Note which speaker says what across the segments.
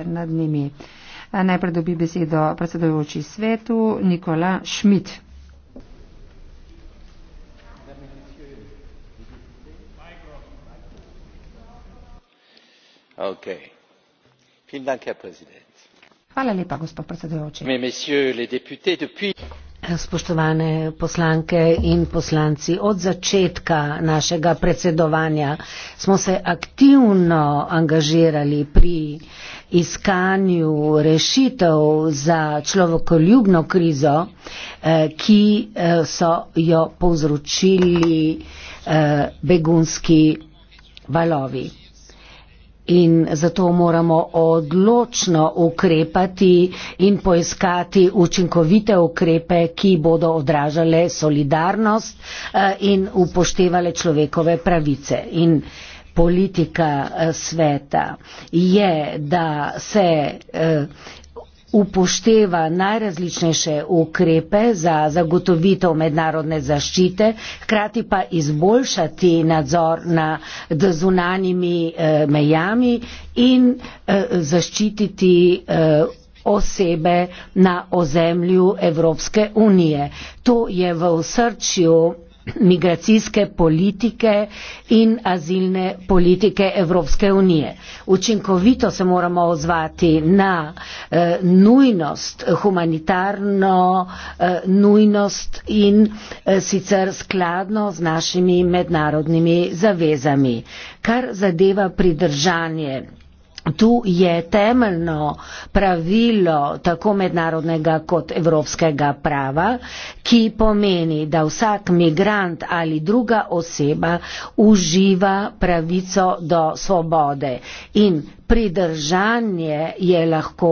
Speaker 1: veter nad njimi. Najprej dobi besedo predsedujoči svetu Nikola Šmit. Okay. Hvala lepa, gospod predsedujoči.
Speaker 2: Spoštovane poslanke in poslanci, od začetka našega predsedovanja smo se aktivno angažirali pri iskanju rešitev za človokoljubno krizo, eh, ki eh, so jo povzročili eh, begunski valovi. In zato moramo odločno ukrepati in poiskati učinkovite ukrepe, ki bodo odražale solidarnost eh, in upoštevale človekove pravice. In politika eh, sveta je, da se eh, upošteva najrazličnejše ukrepe za zagotovitev mednarodne zaščite, hkrati pa izboljšati nadzor nad zunanimi eh, mejami in eh, zaščititi eh, osebe na ozemlju Evropske unije. To je v srčju migracijske politike in azilne politike Evropske unije. Učinkovito se moramo ozvati na eh, nujnost, humanitarno eh, nujnost in eh, sicer skladno z našimi mednarodnimi zavezami. Kar zadeva pridržanje Tu je temeljno pravilo tako mednarodnega kot evropskega prava, ki pomeni, da vsak migrant ali druga oseba uživa pravico do svobode in pridržanje je lahko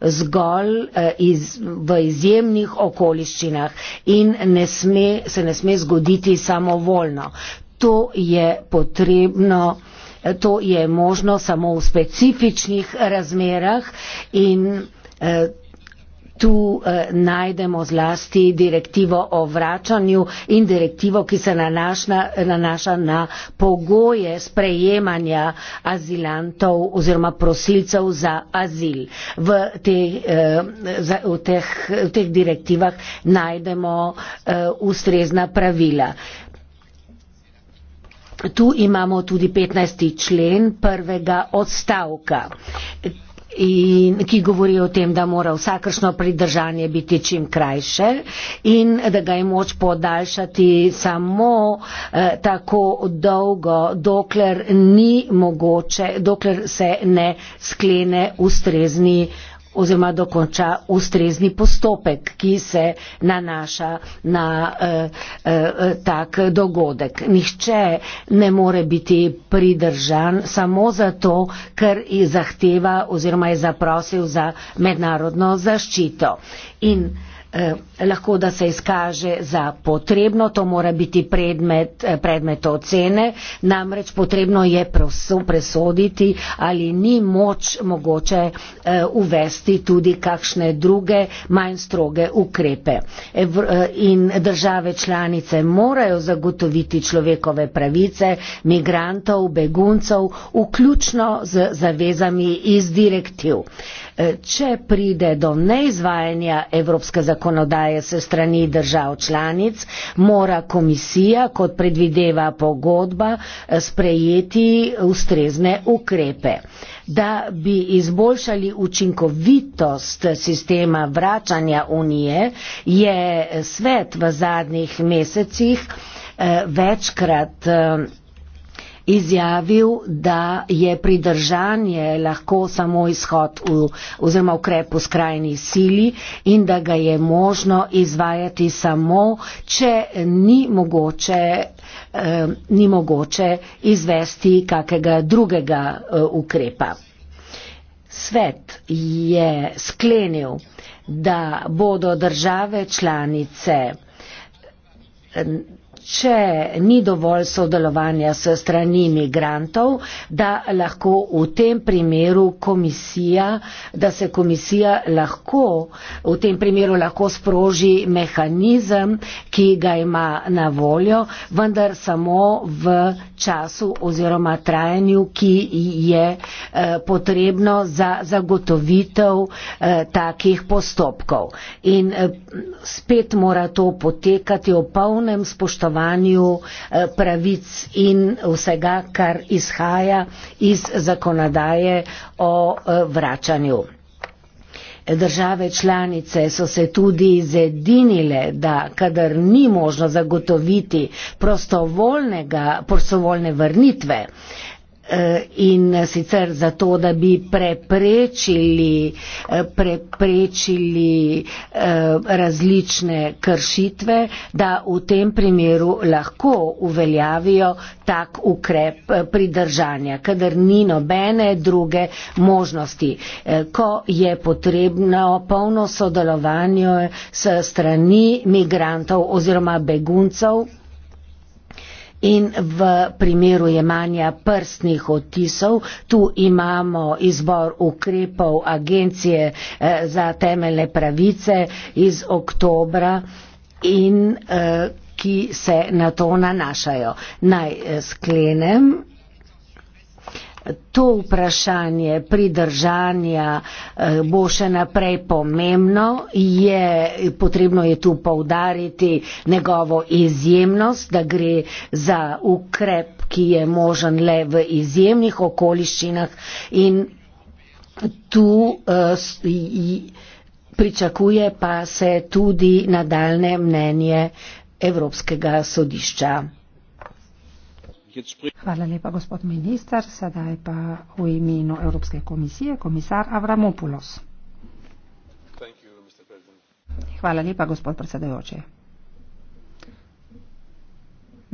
Speaker 2: zgolj eh, iz, v izjemnih okoliščinah in ne sme, se ne sme zgoditi samovoljno. To je potrebno to je možno samo v specifičnih razmerah in eh, tu eh, najdemo zlasti direktivo o vračanju in direktivo, ki se nanaša na pogoje sprejemanja azilantov oziroma prosilcev za azil. V teh, v teh, v teh direktivah najdemo eh, ustrezna pravila tu imamo tudi 15. člen prvega odstavka in ki govori o tem, da mora vsakršno pridržanje biti čim krajše in da ga je moč podaljšati samo eh, tako dolgo, dokler ni mogoče, dokler se ne sklene ustrezni eh, oziroma dokonča ustrezni postopek, ki se nanaša na eh, eh, tak dogodek. Nihče ne more biti pridržan samo zato, ker je zahteva oziroma je zaprosil za mednarodno zaščito. In, eh, Eh, lahko da se izkaže za potrebno, to mora biti predmet, eh, predmet ocene, namreč potrebno je presoditi, ali ni moč mogoče eh, uvesti tudi kakšne druge manj stroge ukrepe. In države članice morajo zagotoviti človekove pravice migrantov, beguncev, vključno z zavezami iz direktiv če pride do neizvajanja evropske zakonodaje se strani držav članic, mora komisija, kot predvideva pogodba, sprejeti ustrezne ukrepe. Da bi izboljšali učinkovitost sistema vračanja unije, je svet v zadnjih mesecih eh, večkrat eh, izjavil, da je pridržanje lahko samo izhod v, oziroma ukrep v skrajni sili in da ga je možno izvajati samo, če ni mogoče, eh, ni mogoče izvesti kakega drugega eh, ukrepa. Svet je sklenil, da bodo države članice. Eh, če ni dovolj sodelovanja s strani imigrantov, da lahko v tem primeru komisija, da se komisija lahko, v tem primeru lahko sproži mehanizem, ki ga ima na voljo, vendar samo v času oziroma trajanju, ki je eh, potrebno za zagotovitev eh, takih postopkov. In eh, spet mora to potekati v polnem spoštovanju pravic in vsega, kar izhaja iz zakonodaje o vračanju. Države članice so se tudi zedinile, da kadar ni možno zagotoviti prostovoljne vrnitve, in sicer zato, da bi preprečili, eh, preprečili eh, različne kršitve, da v tem primeru lahko uveljavijo tak ukrep eh, pridržanja, kadar ni nobene druge možnosti, ko je potrebno polno sodelovanje s strani migrantov oziroma beguncev. In v primeru jemanja prstnih odtisov, tu imamo izbor ukrepov Agencije eh, za temeljne pravice iz oktobra in eh, ki se na to nanašajo. Naj eh, sklenem to vprašanje pridržanja eh, bo še naprej pomembno, je, potrebno je tu povdariti njegovo izjemnost, da gre za ukrep, ki je možen le v izjemnih okoliščinah in tu eh, pričakuje pa se tudi nadaljne
Speaker 1: mnenje Evropskega sodišča. Hvala lepa, gospod minister. Sedaj pa v imenu Evropske komisije komisar Avramopoulos. Hvala lepa, gospod predsedujoči.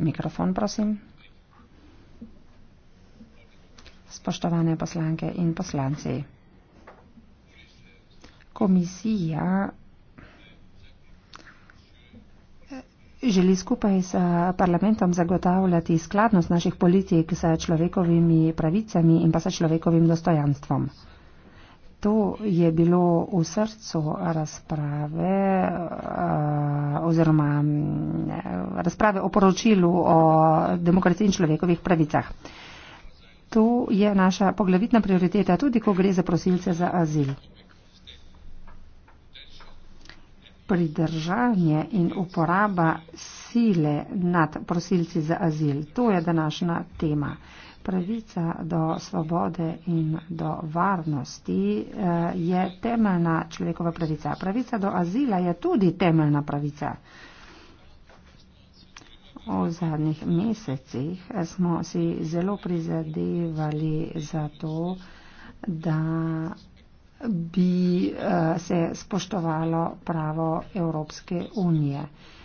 Speaker 1: Mikrofon, prosim. Spoštovane poslanke in poslanci. Komisija želi skupaj s eh, parlamentom zagotavljati skladnost naših politik s človekovimi pravicami in pa s človekovim dostojanstvom. To je bilo v srcu razprave eh, oziroma mm, razprave o poročilu o demokraciji in človekovih pravicah. To je naša poglavitna prioriteta, tudi ko gre za prosilce za azil. pridržanje in uporaba sile nad prosilci za azil. To je današnja tema. Pravica do svobode in do varnosti eh, je temeljna človekova pravica. Pravica do azila je tudi temeljna pravica. V zadnjih mesecih smo si zelo prizadevali za to, da bi eh, se spoštovalo pravo Evropske unije.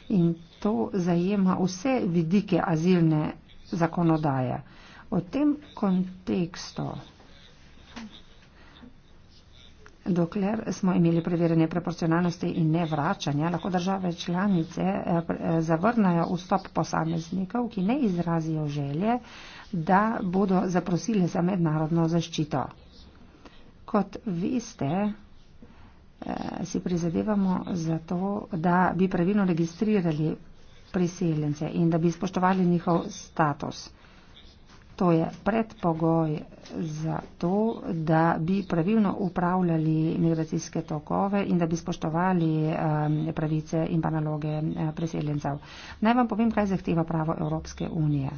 Speaker 1: In to zajema vse vidike azilne zakonodaje. V tem kontekstu, dokler smo imeli preverjanje proporcionalnosti in ne vračanja, lahko države članice eh, eh, zavrnajo vstop posameznikov, ki ne izrazijo želje, da bodo zaprosili za mednarodno zaščito kot veste, eh, si prizadevamo za to, da bi pravilno registrirali priseljence in da bi spoštovali njihov status. To je predpogoj za to, da bi pravilno upravljali migracijske tokove in da bi spoštovali eh, pravice in pa naloge eh, priseljencev. Naj vam povem, kaj zahteva pravo Evropske unije.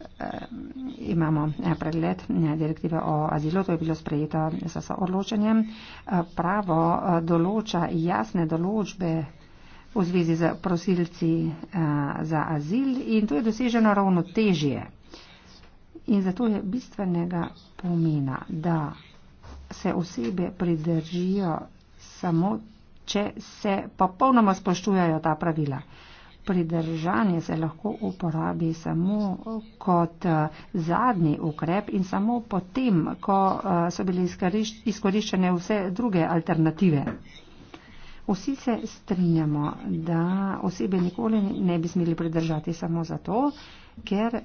Speaker 1: Ehm, imamo eh, pregled eh, direktive o azilu, to je bilo sprejeto s odločenjem. Eh, pravo določa jasne določbe v zvezi z prosilci za azil in to je doseženo ravnotežje. In zato je bistvenega pomena, da se osebe pridržijo samo, če se popolnoma spoštujajo ta pravila pridržanje se lahko uporabi samo kot eh, zadnji ukrep in samo potem, ko eh, so bile izkoriščene vse druge alternative. Vsi se strinjamo, da osebe nikoli ne bi smeli pridržati samo zato, ker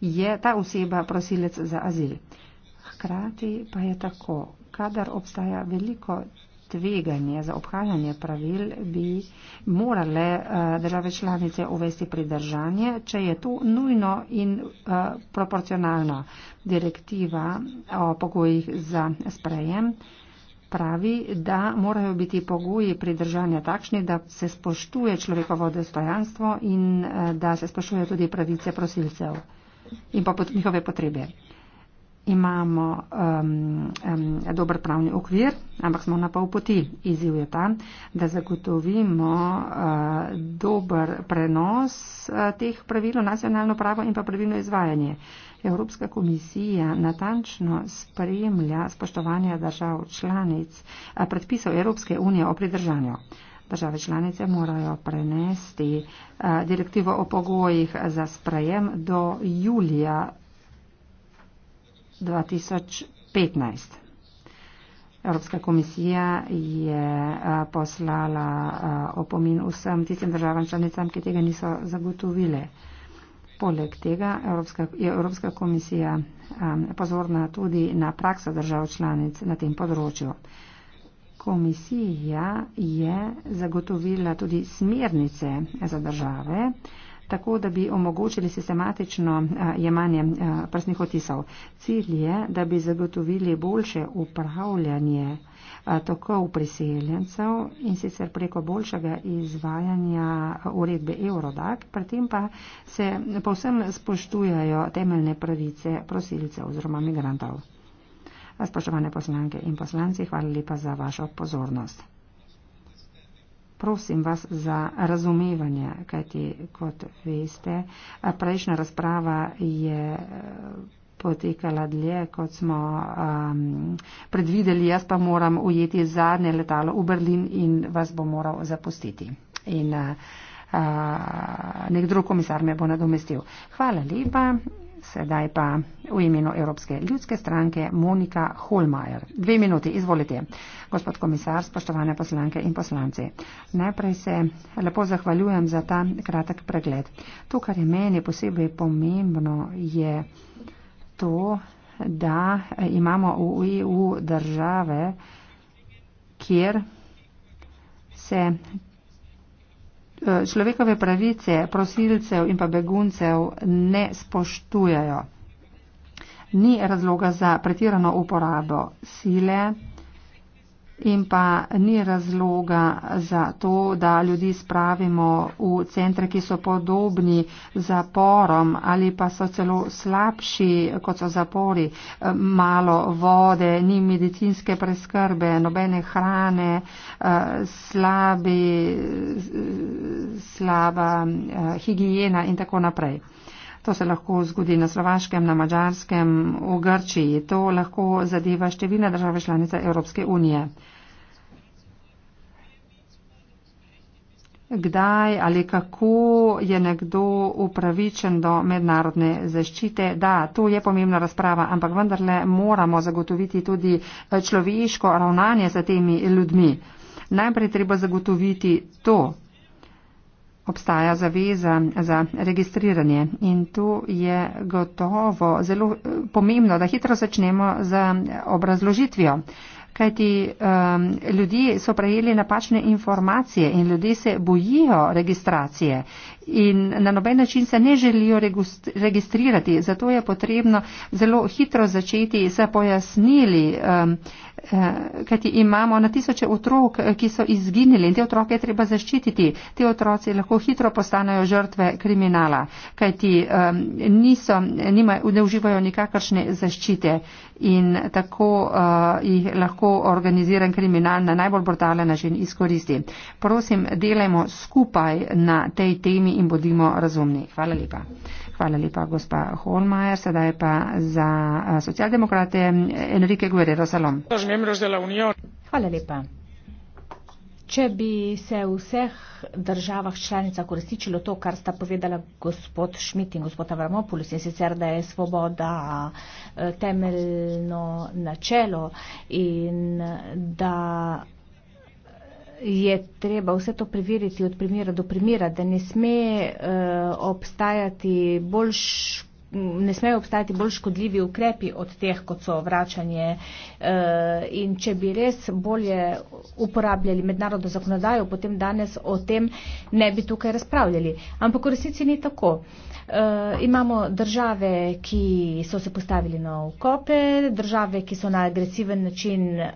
Speaker 1: je ta oseba prosilec za azil. Hkrati pa je tako, kadar obstaja veliko tveganje za obhajanje pravil, bi morale eh, države članice uvesti pridržanje, če je to nujno in eh, proporcionalno. Direktiva o pogojih za sprejem pravi, da morajo biti pogoji pridržanja takšni, da se spoštuje človekovo dostojanstvo in eh, da se spoštuje tudi pravice prosilcev in pa njihove potrebe imamo um, um, dober pravni okvir, ampak smo na pol poti. Izjiv je ta, da zagotovimo uh, dober prenos uh, teh pravil v nacionalno pravo in pa pravilno izvajanje. Evropska komisija natančno spremlja spoštovanje držav članic uh, predpisov Evropske unije o pridržanju. Države članice morajo prenesti uh, direktivo o pogojih za sprejem do julija 2015. Evropska komisija je poslala opomin vsem tistim državam članicam, ki tega niso zagotovile. Poleg tega Evropska, je Evropska komisija pozorna tudi na prakso držav članic na tem področju. Komisija je zagotovila tudi smernice za države, tako, da bi omogočili sistematično eh, jemanje eh, prstnih otisov. Cilj je, da bi zagotovili boljše upravljanje eh, tako v priseljencev in sicer preko boljšega izvajanja uredbe Eurodac, pri tem pa se povsem spoštujajo temeljne pravice prosilcev oziroma migrantov. Spoštovane poslanke in poslanci, hvala lepa za vašo pozornost prosim vas za razumevanje, kajti kot veste, prejšnja razprava je eh, potekala dlje, kot smo um, predvideli, jaz pa moram ujeti zadnje letalo v Berlin in vas bom moral zapustiti. In uh, eh, eh, nek drug komisar me bo nadomestil. Hvala lepa. Sedaj pa v imenu Evropske ljudske stranke Monika Holmajer. Dve minuti, izvolite. Gospod komisar, spoštovane poslanke in poslanci. Najprej se lepo zahvaljujem za ta kratek pregled. To, kar je meni posebej pomembno, je to, da imamo v EU države, kjer se Eh, človekove pravice prosilcev in pa beguncev ne spoštujejo. Ni razloga za pretirano uporabo sile in pa ni razloga za to, da ljudi spravimo v centre, ki so podobni zaporom ali pa so celo slabši, kot so zapori. Malo vode, ni medicinske preskrbe, nobene hrane, eh, slabi, slaba eh, higijena in tako naprej. To se lahko zgodi na Slovaškem, na Mačarskem, v Grčiji. To lahko zadeva številne države članice Evropske unije. Kdaj ali kako je nekdo upravičen do mednarodne zaščite? Da, to je pomembna razprava, ampak vendarle moramo zagotoviti tudi človeško ravnanje za temi ljudmi. Najprej treba zagotoviti to, obstaja zaveza za registriranje in tu je gotovo zelo eh, pomembno, da hitro začnemo z obrazložitvijo. Kajti um, ljudje so prejeli napačne informacije in ljudje se bojijo registracije in na noben način se ne želijo registrirati. Zato je potrebno zelo hitro začeti sa pojasnili, um, eh, kajti imamo na tisoče otrok, ki so izginili in te otroke je treba zaščititi. Te otroci lahko hitro postanejo žrtve kriminala, kajti um, niso, nima, ne uživajo nikakršne zaščite in tako uh, jih lahko organiziran kriminal na najbolj brutalen način izkoristi. Prosim, delajmo skupaj na tej temi in bodimo razumni. Hvala lepa. Hvala lepa, gospa Holmajer. Sedaj pa za eh, socialdemokrate Enrique Guerrero Salom.
Speaker 3: Hvala lepa. Če bi se v vseh državah članicah uresničilo to, kar sta povedala gospod Šmit in gospod Avramopoulos, in sicer, da je svoboda eh, temeljno načelo in da je treba vse to preveriti od primera do primera, da ne sme uh, obstajati boljš ne smejo obstajati bolj škodljivi ukrepi od teh, kot so vračanje. E, in če bi res bolje uporabljali mednarodno zakonodajo, potem danes o tem ne bi tukaj razpravljali. Ampak v resnici ni tako. E, Eh, imamo države, ki so se postavili na okope, države, ki so na agresiven način uh,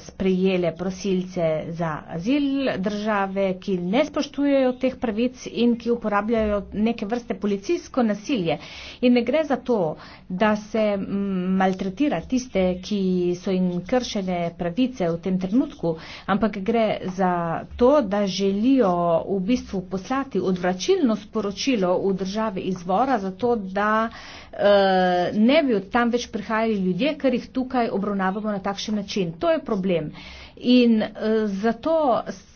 Speaker 3: sprejele prosilce za azil, države, ki ne spoštujejo teh pravic in ki uporabljajo neke vrste policijsko nasilje. In ne gre za to, da se mm, maltretira tiste, ki so jim kršene pravice v tem trenutku, ampak gre za to, da želijo v bistvu poslati odvračilno sporočilo v državi, države izvora, zato da eh, ne bi od tam več prihajali ljudje, ker jih tukaj obravnavamo na takšen način. To je problem. In eh, zato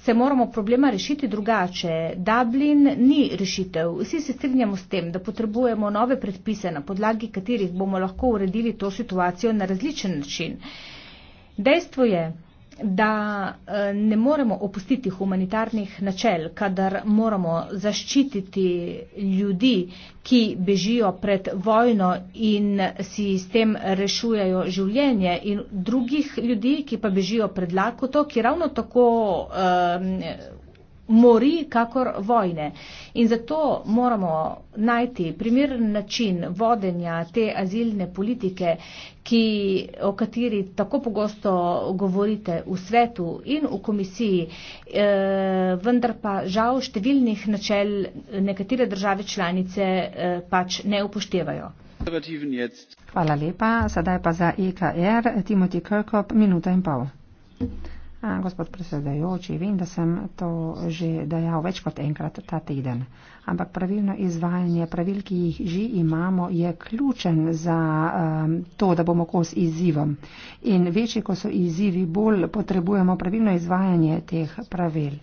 Speaker 3: se moramo problema rešiti drugače. Dublin ni rešitev. Vsi se strinjamo s tem, da potrebujemo nove predpise, na podlagi katerih bomo lahko uredili to situacijo na različen način. Dejstvo je, da eh, ne moremo opustiti humanitarnih načel, kadar moramo zaščititi ljudi, ki bežijo pred vojno in si s tem rešujejo življenje in drugih ljudi, ki pa bežijo pred lakoto, ki ravno tako um, mori, kakor vojne. In zato moramo najti primeren način vodenja te azilne politike, ki, o kateri tako pogosto govorite v svetu in v komisiji, e, vendar pa žal številnih načel nekatere države članice e, pač
Speaker 1: ne upoštevajo. Hvala lepa. Sedaj pa za EKR, Timothy Kirkop, minuta in pol. Gospod predsedajoči, vem, da sem to že dejal več kot enkrat ta teden, ampak pravilno izvajanje pravil, ki jih že imamo, je ključen za um, to, da bomo kos izzivom. In večji, ko so izzivi, bolj potrebujemo pravilno izvajanje teh pravil.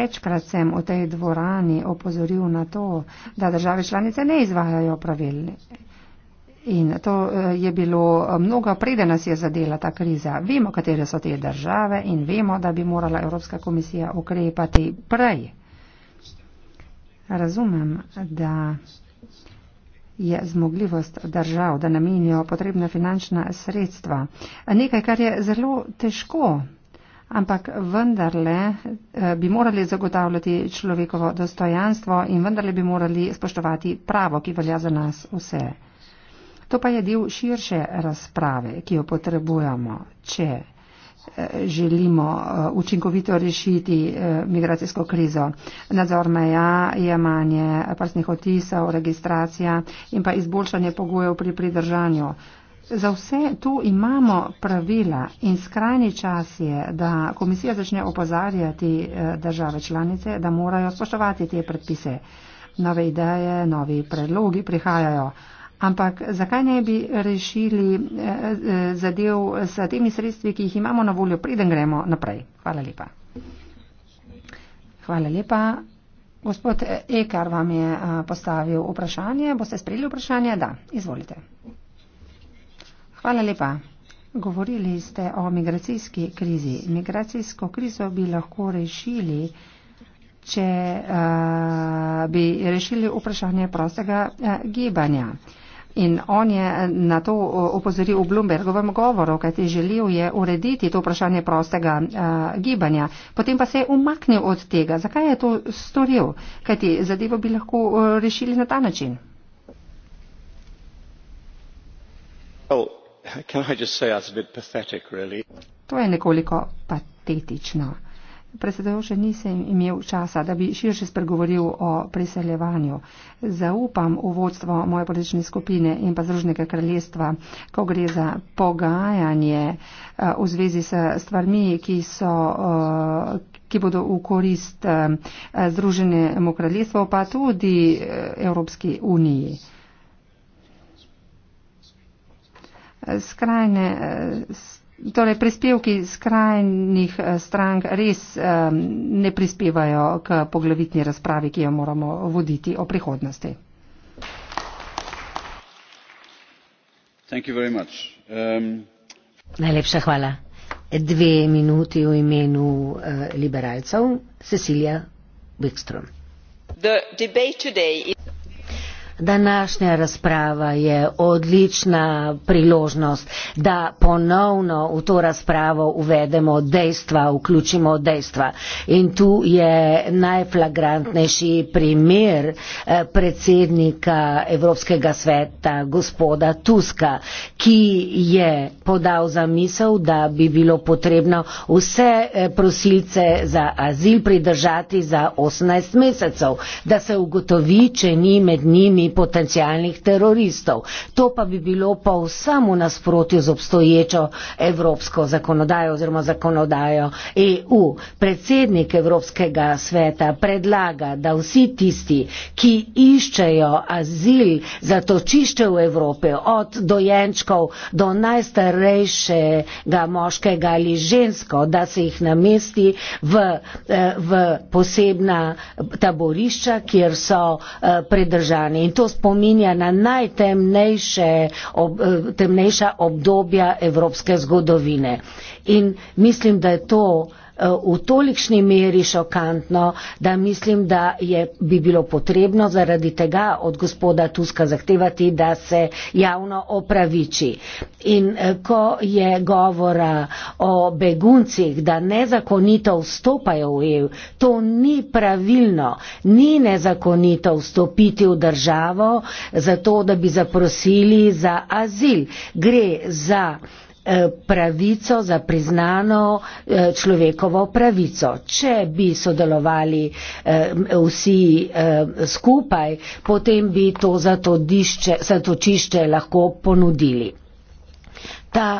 Speaker 1: Večkrat sem v tej dvorani opozoril na to, da države članice ne izvajajo pravil. In to eh, je bilo eh, mnogo preden nas je zadela ta kriza. Vemo, katere so te države in vemo, da bi morala Evropska komisija ukrepati prej. Razumem, da je zmogljivost držav, da namenijo potrebna finančna sredstva. Nekaj, kar je zelo težko, ampak vendarle eh, bi morali zagotavljati človekovo dostojanstvo in vendarle bi morali spoštovati pravo, ki velja za nas vse. To pa je del širše razprave, ki jo potrebujemo, če eh, želimo eh, učinkovito rešiti eh, migracijsko krizo. Nadzor meja, jemanje prstnih otisov, registracija in pa izboljšanje pogojev pri pridržanju. Za vse to imamo pravila in skrajni čas je, da komisija začne opozarjati države članice, da morajo spoštovati te predpise. Nove ideje, novi predlogi prihajajo. Ampak zakaj ne bi rešili eh, eh, zadev s temi sredstvi, ki jih imamo na voljo, preden gremo naprej? Hvala lepa. Hvala lepa. Gospod Ekar vam je eh, postavil vprašanje. Boste sprejeli vprašanje? Da, izvolite. Hvala lepa. Govorili ste o migracijski krizi. Migracijsko krizo bi lahko rešili, če uh, bi rešili vprašanje prostega uh, gibanja. Uh, In on je eh, na to eh, opozoril v Bloombergovem govoru, kajti želel je urediti to vprašanje prostega uh, gibanja. Potem pa se je umaknil od tega. Zakaj je to storil? Kajti zadevo bi lahko uh, rešili na ta način.
Speaker 4: Well, say, pathetic, really?
Speaker 1: To je nekoliko patetično. Predsedujoče, nisem imel časa, da bi širše spregovoril o priseljevanju. Zaupam v vodstvo moje politične skupine in pa Združnega kraljestva, ko gre za pogajanje eh, v zvezi s stvarmi, ki, so, eh, ki bodo v korist eh, Združenemu kraljestvu, pa tudi Evropski uniji. Skrajne Torej, prispevki skrajnih eh, strank res um, ne prispevajo k poglavitni razpravi, ki jo moramo voditi o prihodnosti.
Speaker 5: Um...
Speaker 2: Najlepša hvala. Dve minuti v imenu uh, liberalcev. Cecilija Wikström. Današnja razprava je odlična priložnost, da ponovno v to razpravo uvedemo dejstva, vključimo dejstva. In tu je najflagrantnejši primer eh, predsednika Evropskega sveta, gospoda Tuska, ki je podal za misel, da bi bilo potrebno vse eh, prosilce za azil pridržati za 18 mesecev, da se ugotovi, če ni med njimi potencijalnih teroristov. To pa bi bilo pa v samo nasprotju z obstoječo evropsko zakonodajo oziroma zakonodajo EU. Predsednik Evropskega sveta predlaga, da vsi tisti, ki iščejo azil za točišče v Evropi, od dojenčkov do najstarejšega moškega ali žensko, da se jih namesti v, eh, v posebna taborišča, kjer so eh, pridržani. In to spominja na najtemnejše ob, eh, temnejša obdobja evropske zgodovine. In mislim, da je to v tolikšni meri šokantno, da mislim, da je, bi bilo potrebno zaradi tega od gospoda Tuska zahtevati, da se javno opraviči. In eh, ko je govora o beguncih, da nezakonito vstopajo v EU, to ni pravilno. Ni nezakonito vstopiti v državo zato, da bi zaprosili za azil. Gre za Eh, pravico za priznano eh, človekovo pravico. Če bi sodelovali eh, vsi skupaj, potem bi to za to, dišče, za to čišče lahko ponudili. Ta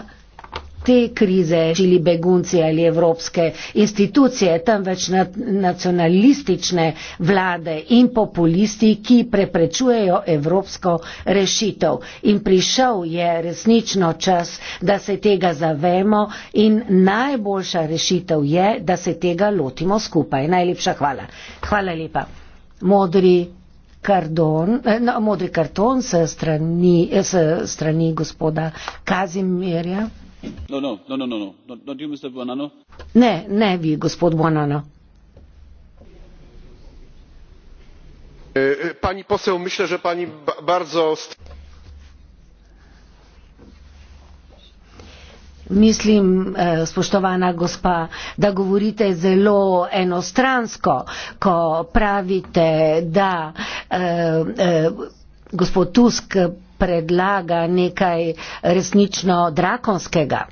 Speaker 2: te krize žili begunci ali evropske institucije, temveč nacionalistične vlade in populisti, ki preprečujejo evropsko rešitev. In prišel je resnično čas, da se tega zavemo in najboljša rešitev je, da se tega lotimo skupaj. Najlepša hvala. Hvala lepa. Modri. Kardon, eh, no, modri karton s strani, strani gospoda Kazimirja.
Speaker 5: No, no, no,
Speaker 2: ne, ne vi, gospod Buonanno.
Speaker 5: E, e, pani poseł, myślę, że pani bardzo.
Speaker 2: Mislim, e, spoštovana gospa, da govorite zelo enostransko, ko pravite, da eh, eh, gospod Tusk predlaga nekaj resnično drakonskega.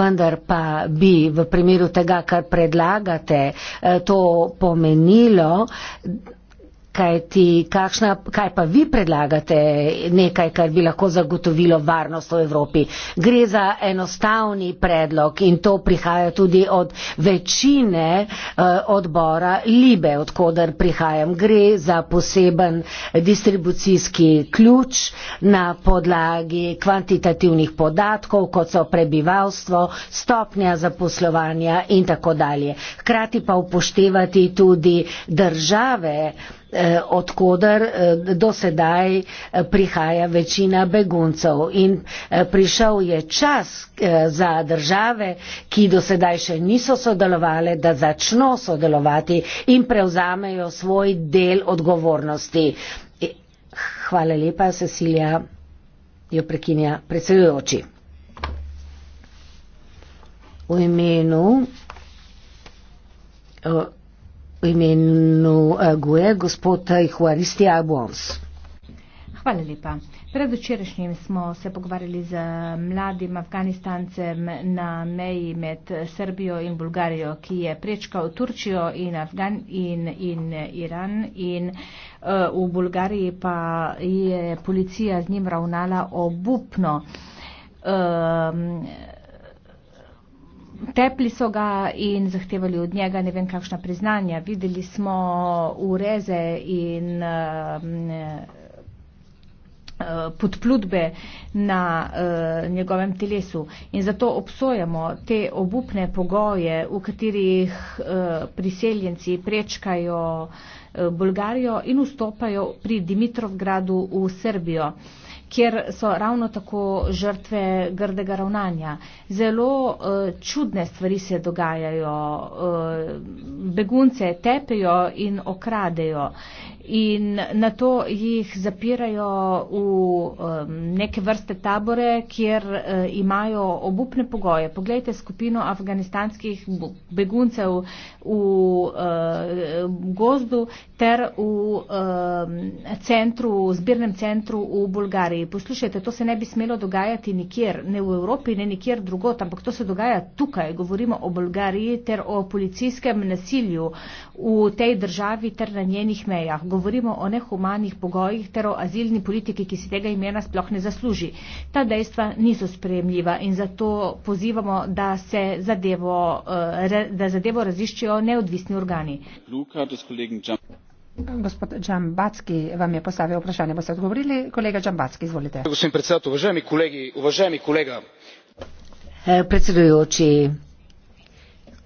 Speaker 2: Vendar pa bi v primeru tega, kar predlagate, eh, to pomenilo, Kajti, kakšna, kaj pa vi predlagate nekaj, kar bi lahko zagotovilo varnost v Evropi? Gre za enostavni predlog in to prihaja tudi od večine uh, odbora Libe, odkudar prihajam. Gre za poseben distribucijski ključ na podlagi kvantitativnih podatkov, kot so prebivalstvo, stopnja zaposlovanja in tako dalje. Hkrati pa upoštevati tudi države, Eh, odkuder eh, do sedaj eh, prihaja večina beguncev. In prišel je čas za države, ki do sedaj še niso sodelovali, da začno sodelovati in prevzamejo svoj del odgovornosti. E, hvala lepa, Cecilija, jo prekinja predsedujoči. V imenu. Uh, imenu eh, Gue, gospod Juaristi Albons.
Speaker 3: Hvala lepa. Pred včerajšnjim smo se pogovarjali z mladim Afganistancem na meji med Srbijo in Bulgarijo, ki je prečkal Turčijo in, Afgan in, in Iran. In uh, v Bulgariji pa je policija z njim ravnala obupno. Uh, tepli so ga in zahtevali od njega ne vem kakšna priznanja. Videli smo ureze in um, eh, podpludbe na uh, njegovem telesu. In zato obsojamo te obupne pogoje, v katerih uh, priseljenci prečkajo uh, Bolgarijo in vstopajo pri Dimitrovgradu v Srbijo. Uh, kjer so ravno tako žrtve grdega ravnanja. Zelo uh, čudne stvari se dogajajo, uh, begunce tepejo in okradejo. Uh, in na to jih zapirajo v neke vrste tabore, kjer eh, imajo obupne pogoje. Poglejte skupino afganistanskih beguncev eh, v gozdu ter v centru, zbirnem centru v Bulgariji. Poslušajte, to se ne bi smelo dogajati nikjer, ne v Evropi, ne nikjer drugot, ampak to se dogaja tukaj. Govorimo o Bulgariji ter o policijskem nasilju v tej državi ter na njenih mejah govorimo o nehumanih pogojih ter o azilni politiki, ki si tega imena sploh ne zasluži. Ta dejstva niso sprejemljiva in zato pozivamo, da se zadevo, eh, da zadevo raziščijo
Speaker 1: neodvisni organi. Gospod Džambacki vam je postavil vprašanje, boste odgovorili? Kolega Džambacki, izvolite.
Speaker 6: Gospod predsedujoči, uvaženi kolegi, uvaženi kolega.
Speaker 1: Eh, predsedujoči,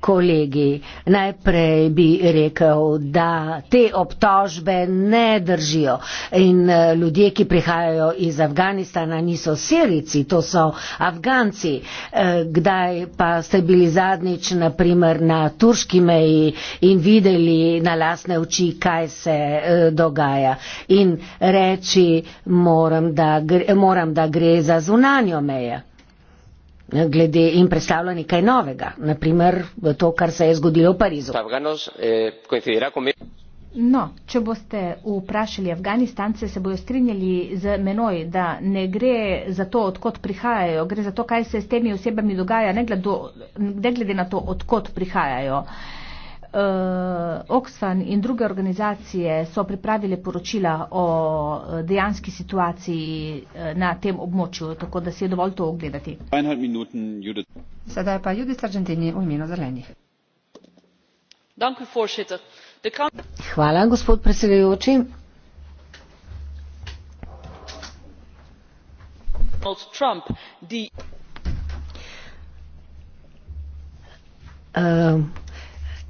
Speaker 1: kolegi.
Speaker 2: Najprej bi rekel, da te obtožbe ne držijo in eh, ljudje, ki prihajajo iz Afganistana, niso sirici, to so Afganci. Eh, kdaj pa ste bili zadnjič, naprimer, na turški meji in videli na lasne oči, kaj se eh, dogaja. In reči moram, da gre, moram, da gre za zunanjo mejo glede in predstavlja nekaj novega, naprimer to, kar se je zgodilo v Parizu.
Speaker 6: Eh,
Speaker 3: no, če boste vprašali Afganistance, se bodo strinjali z menoj, da ne gre za to, odkot prihajajo, gre za to, kaj se s temi osebami dogaja, ne glede na to, odkot prihajajo. Uh, uh, Oxfam in druge organizacije so pripravile poročila o uh, dejanski situaciji uh, na tem območju, tako da si je dovolj to ogledati.
Speaker 6: Minuten,
Speaker 1: Sedaj pa Judith Argentini v imenu zelenih. Hvala, gospod predsedujoči.
Speaker 5: Trump, the...
Speaker 2: uh, ehm,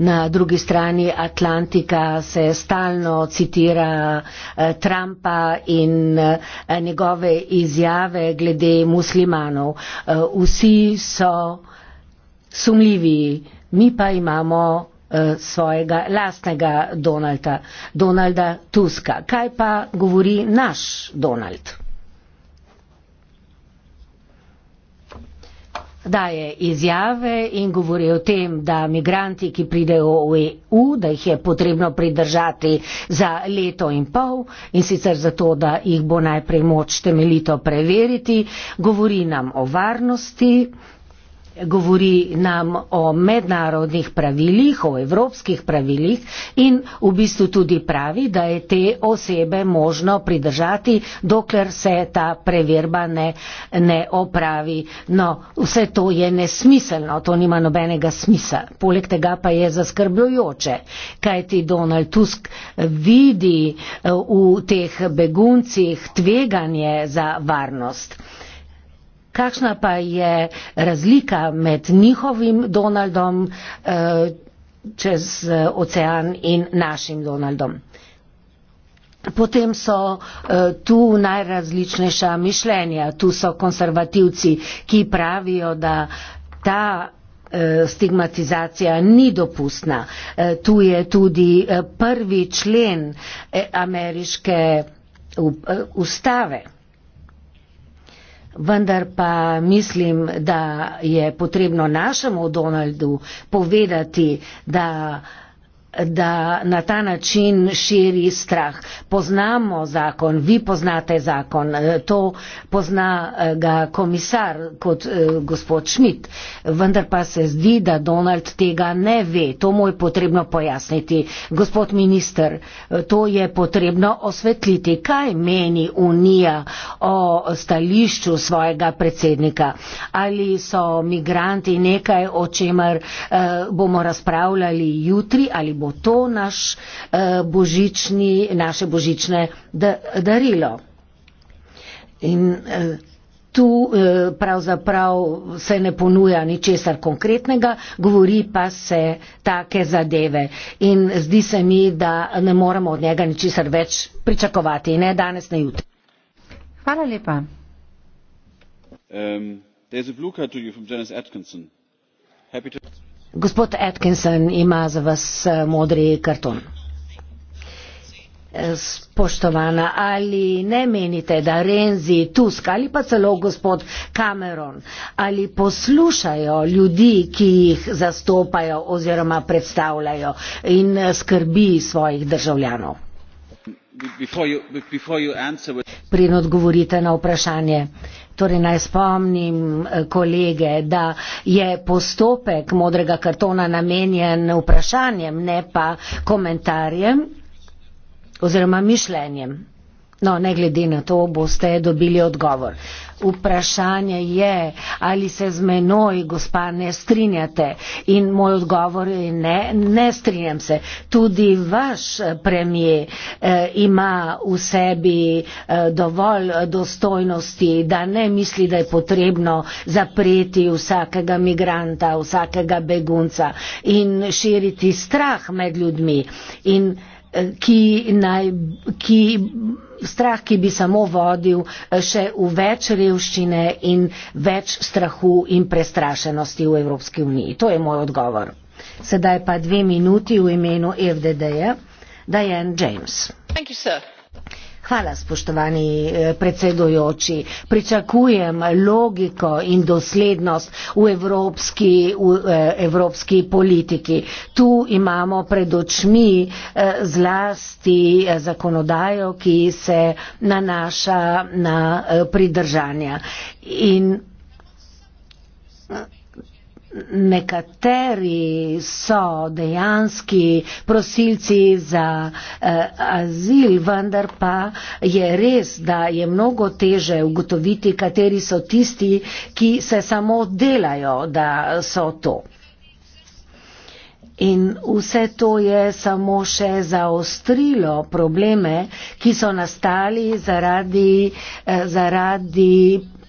Speaker 2: Na drugi strani Atlantika se stalno citira eh, Trumpa in eh, njegove izjave glede muslimanov. Eh, vsi so sumljivi, mi pa imamo svojega lastnega Donalda, Donalda Tuska. Kaj pa govori naš Donald? daje izjave in govori o tem, da migranti, ki pridejo v EU, da jih je potrebno pridržati za leto in pol in sicer zato, da jih bo najprej moč temeljito preveriti, govori nam o varnosti, govori nam o mednarodnih pravilih, o evropskih pravilih in v bistvu tudi pravi, da je te osebe možno pridržati, dokler se ta preverba ne, ne opravi. No, vse to je nesmiselno, to nima nobenega smisla. Poleg tega pa je zaskrbljujoče, kaj ti Donald Tusk vidi eh, v teh beguncih tveganje za varnost. Kakšna pa je razlika med njihovim Donaldom eh, čez eh, ocean in našim Donaldom? Potem so uh, tu najrazličnejša mišljenja, tu so konservativci, ki pravijo, da ta uh, stigmatizacija ni dopustna. Uh, tu je tudi uh, prvi člen uh, ameriške uh, ustave. Vendar pa mislim, da je potrebno našemu Donaldu povedati, da da na ta način širi strah. Poznamo zakon, vi poznate zakon, eh, to pozna eh, ga komisar kot eh, gospod Schmidt, vendar pa se zdi, da Donald tega ne ve. To mu je potrebno pojasniti. Gospod minister, to je potrebno osvetliti. Kaj meni Unija o stališču svojega predsednika? Ali so migranti nekaj, o čemer bomo razpravljali jutri ali bo to naš eh, božični, naše božične darilo. In eh, tu eh, pravzaprav se ne ponuja ničesar konkretnega, govori pa se take zadeve. In zdi se mi, da ne moremo od njega ničesar več pričakovati, ne danes, ne jutri. Hvala lepa.
Speaker 5: Um, there is a blue card to you from Janice Atkinson. Happy to.
Speaker 2: Gospod Atkinson ima za vas eh, modri karton. Eh, spoštovana, ali ne menite, da Renzi, Tusk ali pa celo gospod Cameron ali poslušajo ljudi, ki jih zastopajo oziroma predstavljajo in eh, skrbi svojih državljanov? Preden odgovorite na vprašanje, Torej naj spomnim eh, kolege, da je postopek modrega kartona namenjen vprašanjem, ne pa komentarjem oziroma mišljenjem. No, ne glede na to, boste dobili odgovor. Vprašanje je, ali se z menoj, gospa, ne strinjate. In moj odgovor je ne, ne strinjam se. Tudi vaš eh, premije eh, ima v sebi eh, dovolj eh, dostojnosti, da ne misli, da je potrebno zapreti vsakega migranta, vsakega begunca in širiti strah med ljudmi. In, ki naj, ki, strah, ki bi samo vodil eh, še v več revščine in več strahu in prestrašenosti v Evropski uniji. To je moj odgovor. Sedaj pa dve minuti v imenu FDD-ja, Diane James. Thank you, Hvala, spoštovani eh, predsedujoči. Pričakujem logiko in doslednost v evropski, v eh, evropski politiki. Tu imamo pred očmi eh, zlasti zakonodajo, ki se nanaša na pridržanja. In nekateri so dejanski prosilci za eh, azil, vendar pa je res, da je mnogo teže ugotoviti, kateri so tisti, ki se samo delajo, da so to. In vse to je samo še zaostrilo probleme, ki so nastali zaradi, eh, zaradi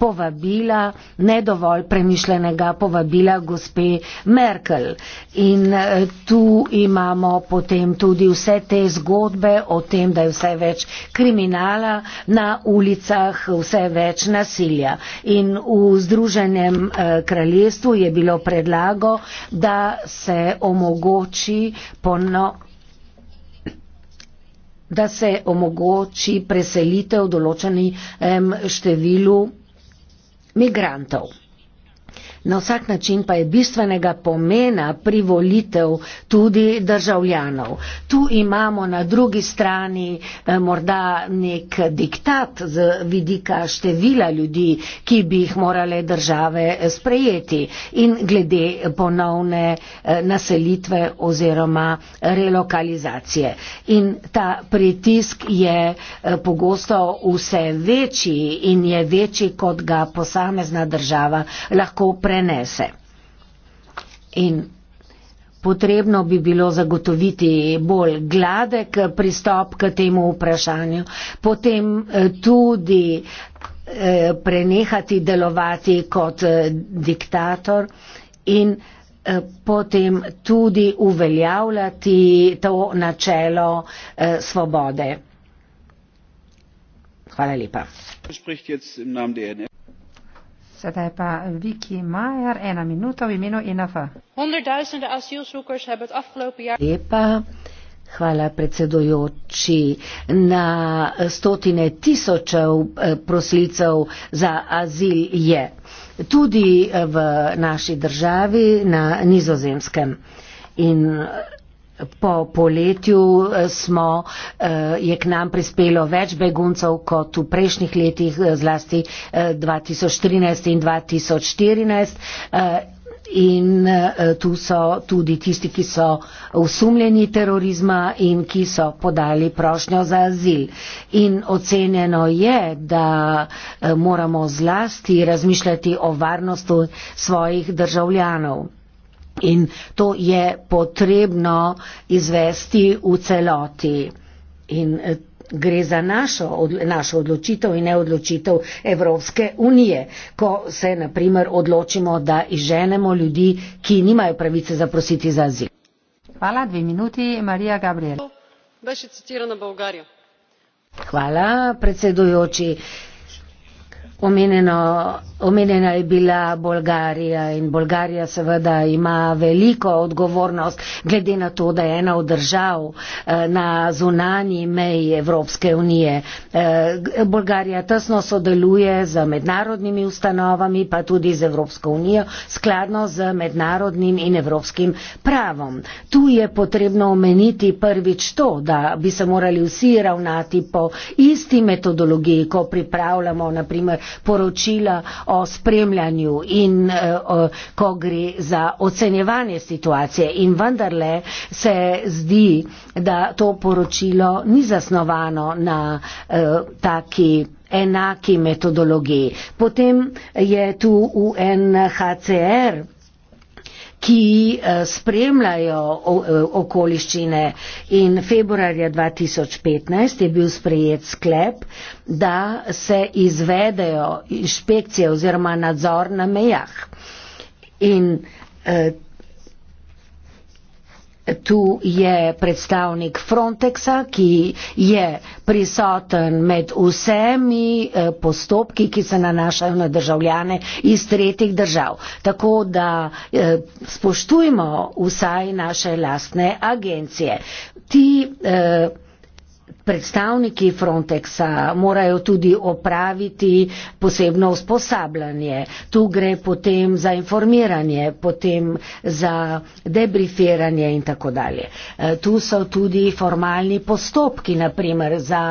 Speaker 2: povabila, ne dovolj premišljenega povabila gospe Merkel. In eh, tu imamo potem tudi vse te zgodbe o tem, da je vse več kriminala na ulicah, vse več nasilja. In v Združenem eh, kraljestvu je bilo predlago, da se omogoči ponovno da se omogoči preselitev določenim eh, številu migrantov. Na vsak način pa je bistvenega pomena privolitev tudi državljanov. Tu imamo na drugi strani eh, morda nek diktat z vidika števila ljudi, ki bi jih morale države eh, sprejeti in glede ponovne eh, naselitve oziroma relokalizacije. In ta pritisk je pogosto vse večji in je večji, kot ga posamezna država lahko predstavlja prenese. In potrebno bi bilo zagotoviti bolj gladek pristop k temu vprašanju, potem eh, tudi eh, prenehati delovati kot eh, diktator in potem tudi uveljavljati to načelo svobode. Hvala lepa.
Speaker 1: Zdaj pa Viki Majer, ena minuta v imenu e INAF.
Speaker 2: Lepa, hvala predsedojoči. Na stotine tisočev eh, proslicev za azil je. Tudi eh, v naši državi, na nizozemskem. In Po poletju eh, smo, eh, je k nam prispelo več beguncev kot v prejšnjih letih, eh, zlasti 2013 in 2014. In tu so tudi tisti, ki so usumljeni terorizma in ki so podali prošnjo za azil. In ocenjeno je, da moramo zlasti razmišljati o varnosti svojih državljanov in to je potrebno izvesti v celoti. In eh, gre za našo, našo odločitev in ne odločitev Evropske unije, ko se naprimer odločimo, da izženemo ljudi, ki nimajo pravice zaprositi za azil. Hvala, dve minuti, Marija Gabriel. Hvala, predsedujoči. Omenjeno, omenjena je bila Bolgarija in Bolgarija seveda ima veliko odgovornost, glede na to, da je ena od držav eh, na zunanji meji Evropske unije. Eh, Bolgarija tesno sodeluje z mednarodnimi ustanovami, pa tudi z Evropsko unijo, skladno z mednarodnim in evropskim pravom. Tu je potrebno omeniti prvič to, da bi se morali vsi ravnati po isti metodologiji, ko pripravljamo naprimer poročila o spremljanju in eh, ko gre za ocenjevanje situacije. In vendarle se zdi, da to poročilo ni zasnovano na eh, taki enaki metodologiji. Potem je tu UNHCR ki eh, spremljajo eh, okoliščine. In februarja 2015 je bil sprejet sklep, da se izvedejo inšpekcije oziroma nadzor na mejah. In eh, Tu je predstavnik Frontexa, ki je prisoten med vsemi eh, postopki, ki se nanašajo na državljane iz tretjih držav. Tako da eh, spoštujmo vsaj naše lastne agencije. Ti eh, predstavniki Frontexa morajo tudi opraviti posebno usposabljanje. Tu gre potem za informiranje, potem za debriferanje in tako dalje. E, tu so tudi formalni postopki, naprimer za,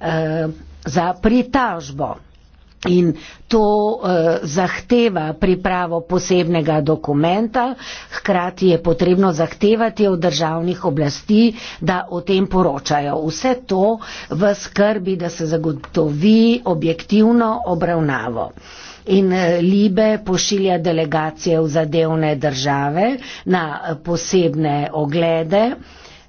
Speaker 2: e, za pritažbo. In to eh, zahteva pripravo posebnega dokumenta, hkrati je potrebno zahtevati od državnih oblasti, da o tem poročajo. Vse to v skrbi, da se zagotovi objektivno obravnavo. In eh, Libe pošilja delegacije v zadevne države na eh, posebne oglede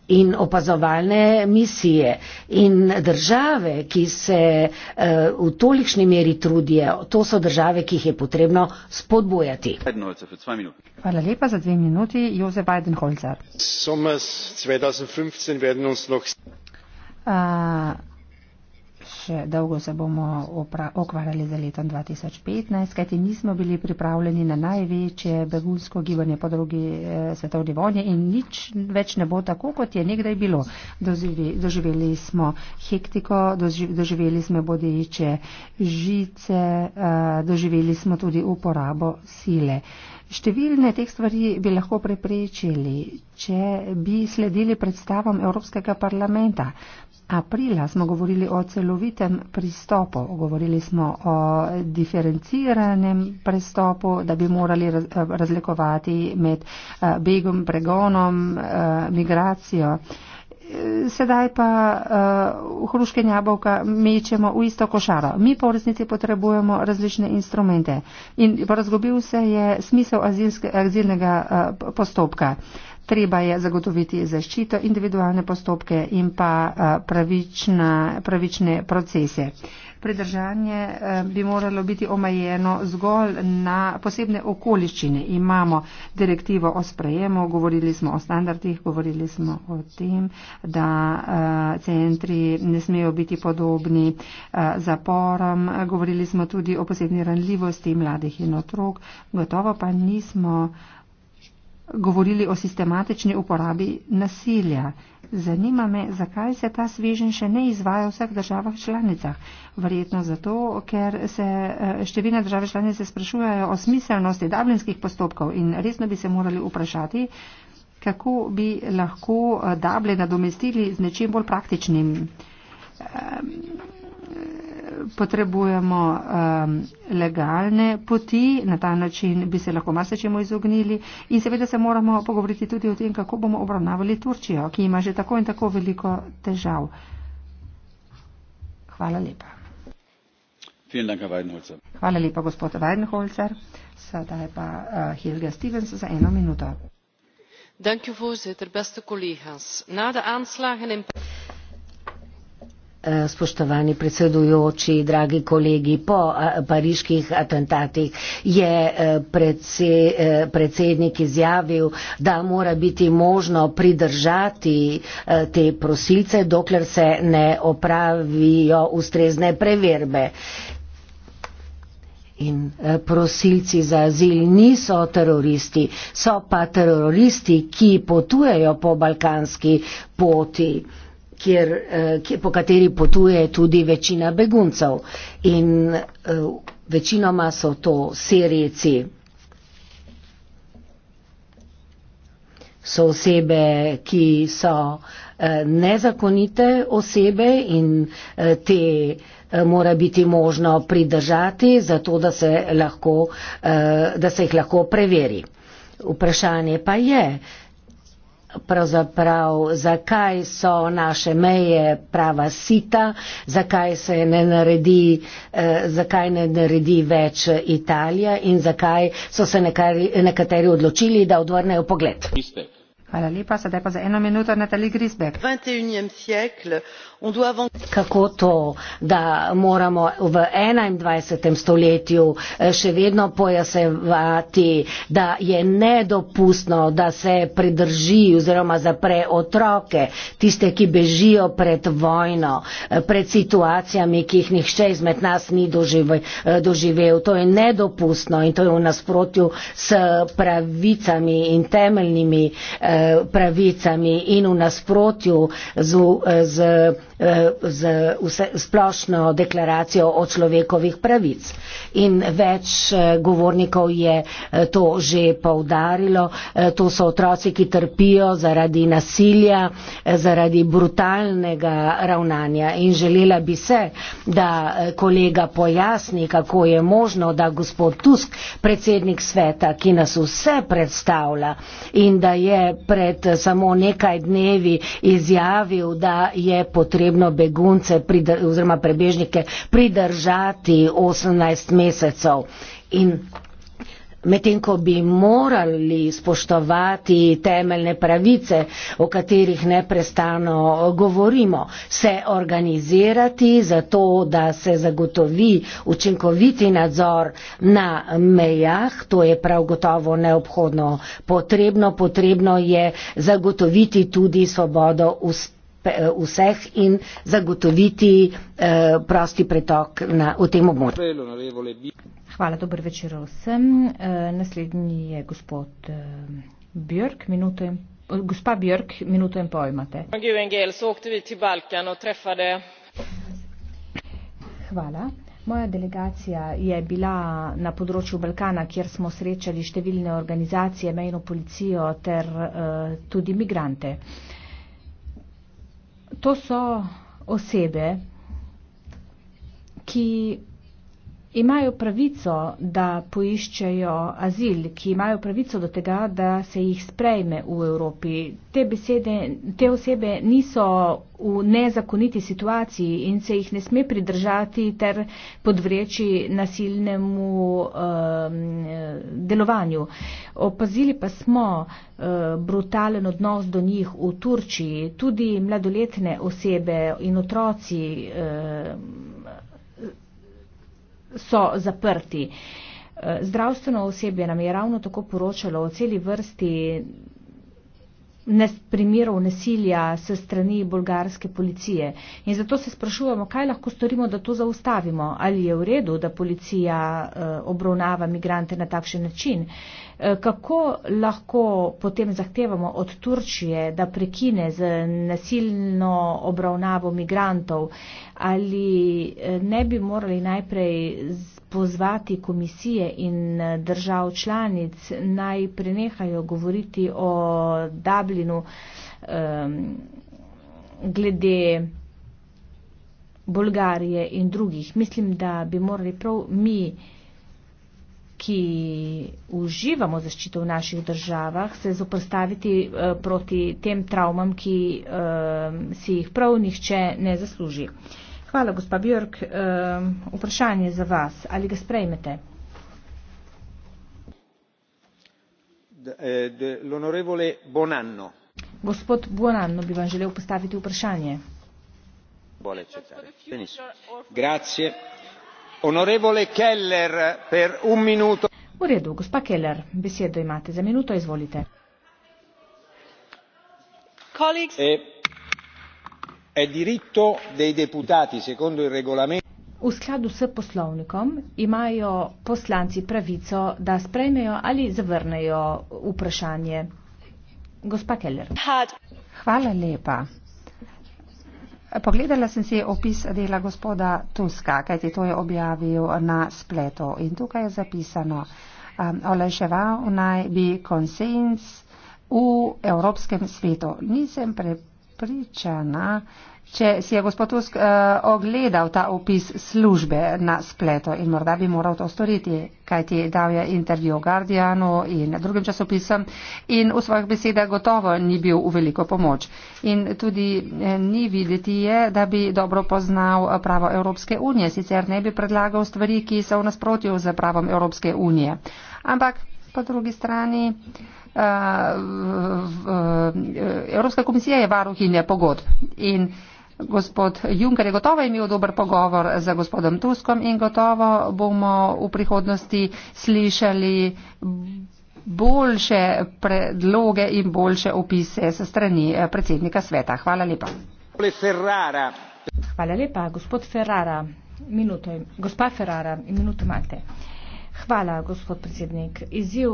Speaker 2: in opazovalne misije in države, ki se eh, v tolikšni meri trudijo, to so države, ki jih je potrebno spodbujati.
Speaker 1: Hvala lepa za dve minuti, Jozef Bajdenholzer.
Speaker 5: 2015 werden uns noch.
Speaker 1: Uh, še dolgo se bomo okvarjali za letom 2015, kajti nismo bili pripravljeni na največje begunsko gibanje po drugi eh, svetovni vojni in nič več ne bo tako, kot je nekdaj bilo. Doživi, doživeli smo hektiko, doživ, doživeli smo bodeče žice, eh, doživeli smo tudi uporabo sile. Eh, Številne teh stvari bi lahko preprečili, če bi sledili predstavam Evropskega parlamenta. Aprila smo govorili o celovitem pristopu, govorili smo o diferenciranem pristopu, da bi morali eh, razlikovati med eh, begom, pregonom, eh, migracijo sedaj pa uh, hruške in jabolka mečemo v isto košaro. Mi pa v resnici potrebujemo različne instrumente. In razgobil se je smisel azilske, azilnega uh, postopka. Uh, treba je zagotoviti zaščito individualne postopke in pa eh, pravična, pravične procese. Pridržanje eh, bi moralo biti omajeno zgolj na posebne okoliščine. Imamo direktivo o sprejemu, govorili smo o standardih, govorili smo o tem, da eh, centri ne smejo biti podobni zaporom, govorili smo tudi o posebni ranljivosti mladih in otrok. Gotovo pa nismo govorili o sistematični uporabi nasilja. Zanima me, zakaj se ta svežen še ne izvaja v vseh državah članicah. Verjetno zato, ker se eh, številne države članice sprašujejo o smiselnosti dablinskih postopkov in resno bi se morali vprašati, kako bi lahko eh, dable nadomestili z nečim bolj praktičnim. Um, potrebujemo um, legalne poti, na ta način bi se lahko marsičemu izognili in seveda se moramo pogovoriti tudi o tem, kako bomo obravnavali Turčijo, ki ima že tako in tako veliko težav. Hvala lepa. Hvala lepa, gospod Weidenholzer. Sedaj pa uh, eh, Hilge Stevens za eno minuto.
Speaker 5: Dank u voorzitter, beste collega's. Na de aanslagen in.
Speaker 1: Eh, spoštovani predsedujoči,
Speaker 2: dragi kolegi, po eh, pariških atentatih je eh, predsednik izjavil, da mora biti možno pridržati te prosilce, dokler se ne opravijo ustrezne preverbe. In prosilci za azil niso teroristi, so pa teroristi, ki potujejo po balkanski poti kjer, eh, kjer, po kateri potuje tudi večina beguncev. In eh, večinoma so to serijci. So osebe, ki so eh, nezakonite osebe in te mora biti možno pridržati, zato da se, lahko, da se jih lahko preveri. Vprašanje pa je, pravzaprav, zakaj so naše meje prava sita, zakaj se ne naredi, eh, zakaj ne naredi več Italija in zakaj so se nekari, nekateri odločili, da odvrnejo pogled. Istek kako to, da moramo v 21. stoletju eh, še vedno pojasevati, da je nedopustno, da se pridrži oziroma zapre otroke, tiste, ki bežijo pred vojno, eh, pred situacijami, ki jih nihče izmed nas ni eh, doživel. To je nedopustno in to je v nasprotju s pravicami in temeljnimi. Eh, Eh, pravicami in v nasprotju z, eh, z Eh, z vse, splošno deklaracijo o človekovih pravic. In več eh, govornikov je eh, to že poudarilo. To so otroci, ki trpijo zaradi nasilja, zaradi brutalnega ravnanja. In želela bi se, da kolega pojasni, kako je možno, da gospod Tusk, predsednik sveta, ki nas vse predstavlja in da je pred samo nekaj dnevi izjavil, da je potrebno potrebno begunce oziroma prebežnike pridržati 18 mesecev. In medtem, ko bi morali spoštovati temeljne pravice, o katerih neprestano govorimo, se organizirati za to, da se zagotovi učinkoviti nadzor na mejah, to je prav gotovo neobhodno potrebno, potrebno je zagotoviti tudi svobodo ustavljanja. Eh, vseh in zagotoviti eh, prosti pretok na, v tem
Speaker 3: območju. Hvala, dober večer vsem. Eh, naslednji je gospod Björk, minuto in Gospa Björk, minuto in pol imate. Hvala. Moja delegacija je bila na področju Balkana, kjer smo srečali številne organizacije, mejno policijo ter uh, tudi migrante. Uh, to so osebe, ki imajo pravico, da poiščejo azil, ki imajo pravico do tega, da se jih sprejme v Evropi. Te, besede, te osebe niso v nezakoniti situaciji in se jih ne sme pridržati ter podvreči nasilnemu um, delovanju. Opazili pa smo um, brutalen odnos do njih v Turčiji, tudi mladoletne osebe in otroci. Um, so zaprti. Eh, zdravstveno osebje nam je ravno tako poročalo o celi vrsti primerov nasilja se strani bolgarske policije. In zato se sprašujemo, kaj lahko storimo, da to zaustavimo. Ali je v redu, da policija eh, obravnava migrante na takšen način? Uh, Eh, kako lahko potem zahtevamo od Turčije, da prekine z nasilno obravnavo migrantov? Ali eh, ne bi morali najprej pozvati komisije in eh, držav članic naj prenehajo govoriti o Dublinu um, glede Bolgarije in drugih? Mislim, da bi morali prav mi ki uživamo zaščito v naših državah, se zoprstaviti eh, proti tem travmam, ki eh, si jih prav nihče ne zasluži. Hvala, gospa Björk. Eh, vprašanje za vas. Ali ga sprejmete?
Speaker 6: L'onorevole Bonanno.
Speaker 3: Gospod Buonanno bi vam želel postaviti vprašanje.
Speaker 6: Grazie v
Speaker 3: redu gospa keller besedo imate za minuto izvolite.
Speaker 6: E v
Speaker 3: skladu s poslovnikom imajo poslanci pravico da sprejmejo ali
Speaker 1: zavrnejo vprašanje gospa keller hvala lepa. Pogledala sem si opis dela gospoda Tuska, kajti to je objavil na spletu in tukaj je zapisano, um, olajševal naj bi konsens v Evropskem svetu. Nisem prepričana, uh, Če si je gospod Tusk uh, ogledal ta opis službe na spletu in morda bi moral to storiti, kaj ti dal je intervju Guardianu in drugim časopisom in v svojih besedah gotovo ni bil v veliko pomoč. In tudi eh, ni videti je, da bi dobro poznal eh, pravo Evropske unije, sicer ne bi predlagal stvari, ki so v nasprotju z pravom Evropske unije. Ampak po drugi strani. Uh, v, v, Evropska komisija je varuhinja pogodb in uh, Gospod Juncker je gotovo imel dober pogovor z gospodom Tuskom in gotovo bomo v prihodnosti slišali boljše predloge in boljše opise se strani eh, predsednika sveta. Hvala lepa.
Speaker 3: Hvala lepa, gospod Ferrara. Minuto, gospa Ferrara, minuto imate. Hvala, gospod predsednik. Izziv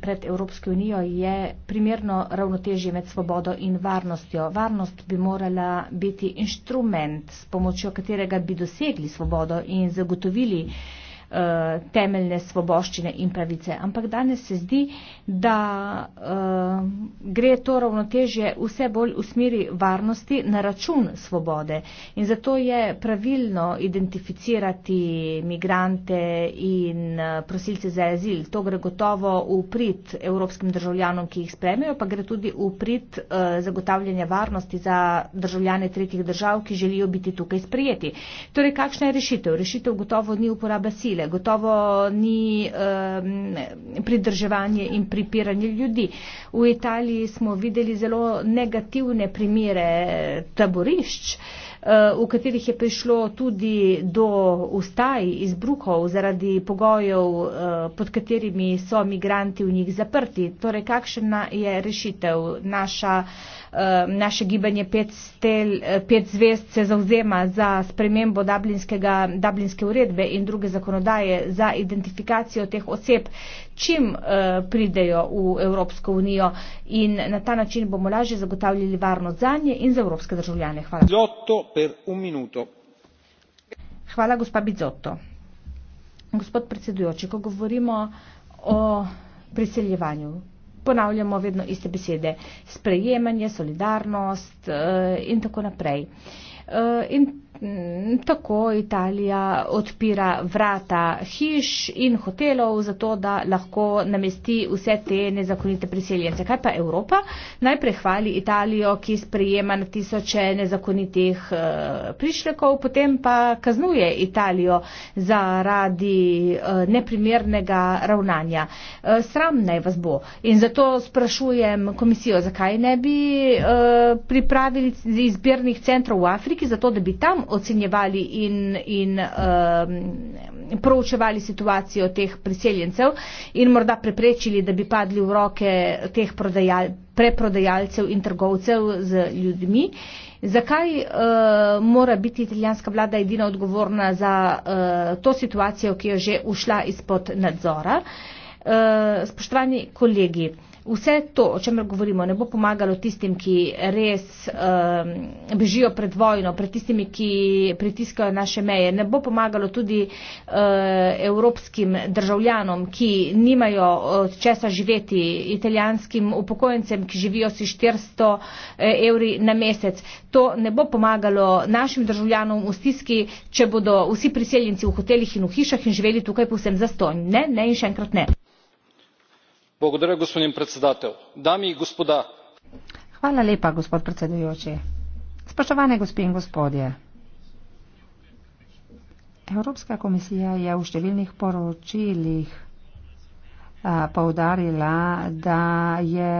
Speaker 3: pred Evropsko unijo je primerno ravnotežje med svobodo in varnostjo. Varnost bi morala biti inštrument, s pomočjo katerega bi dosegli svobodo in zagotovili eh, temeljne svoboščine in pravice. Ampak danes se zdi, da uh, gre to ravnotežje vse bolj v smeri varnosti na račun svobode. In zato je pravilno identificirati migrante in eh, prosilce za azil. To gre gotovo v prid evropskim državljanom, ki jih spremejo, pa gre tudi v prid uh, zagotavljanja varnosti za državljane tretjih držav, ki želijo biti tukaj sprijeti. Torej, kakšna je rešitev? Rešitev gotovo ni uporaba sile, gotovo ni uh, pridrževanje in pripiranje ljudi. V Italiji smo videli zelo negativne primere taborišč, eh, v katerih je prišlo tudi do ustaj izbruhov zaradi pogojev, eh, pod katerimi so migranti v njih zaprti. Torej, kakšna je rešitev naša? Eh, naše gibanje pet, stel, eh, pet zvest se zauzema za spremembo Dublinske uredbe in druge zakonodaje za identifikacijo teh oseb, čim eh, pridejo v Evropsko unijo in na ta način bomo lažje zagotavljali varnost za nje in za evropske državljane. Hvala.
Speaker 6: Hvala, gospa Bizotto.
Speaker 3: Gospod predsedujoči, ko govorimo o priseljevanju, ponavljamo vedno iste besede. Sprejemanje, solidarnost eh, in tako naprej. Eh, in Mm, tako Italija odpira vrata hiš in hotelov, zato da lahko namesti vse te nezakonite priseljence. Kaj pa Evropa? Najprej hvali Italijo, ki sprejema na tisoče nezakonitih eh, prišlekov, potem pa kaznuje Italijo zaradi eh, neprimernega ravnanja. Eh, sram naj vas bo. In zato sprašujem komisijo, zakaj ne bi pripravili izbirnih centrov v Afriki, zato da bi tam ocenjevali in, in um, proučevali situacijo teh priseljencev in morda preprečili, da bi padli v roke teh prodajal, preprodajalcev in trgovcev z ljudmi. Zakaj uh, mora biti italijanska vlada edina odgovorna za uh, to situacijo, ki je že ušla izpod nadzora? Uh, spoštovani kolegi, uh, vse to, o čemer govorimo, ne bo pomagalo tistim, ki res um, bežijo pred vojno, pred tistimi, ki pritiskajo naše meje. Ne bo pomagalo tudi uh, evropskim državljanom, ki nimajo od eh, česa živeti, italijanskim upokojencem, ki živijo si 400 eh, evri na mesec. To ne bo pomagalo našim državljanom v stiski, če bodo vsi priseljenci v hotelih in v hišah in živeli tukaj povsem zastonj. Ne, ne in še enkrat ne
Speaker 1: hvala lepa gospod predsedujoči spoštovane gospe in gospodje evropska komisija je v številnih poročilih poudarila da je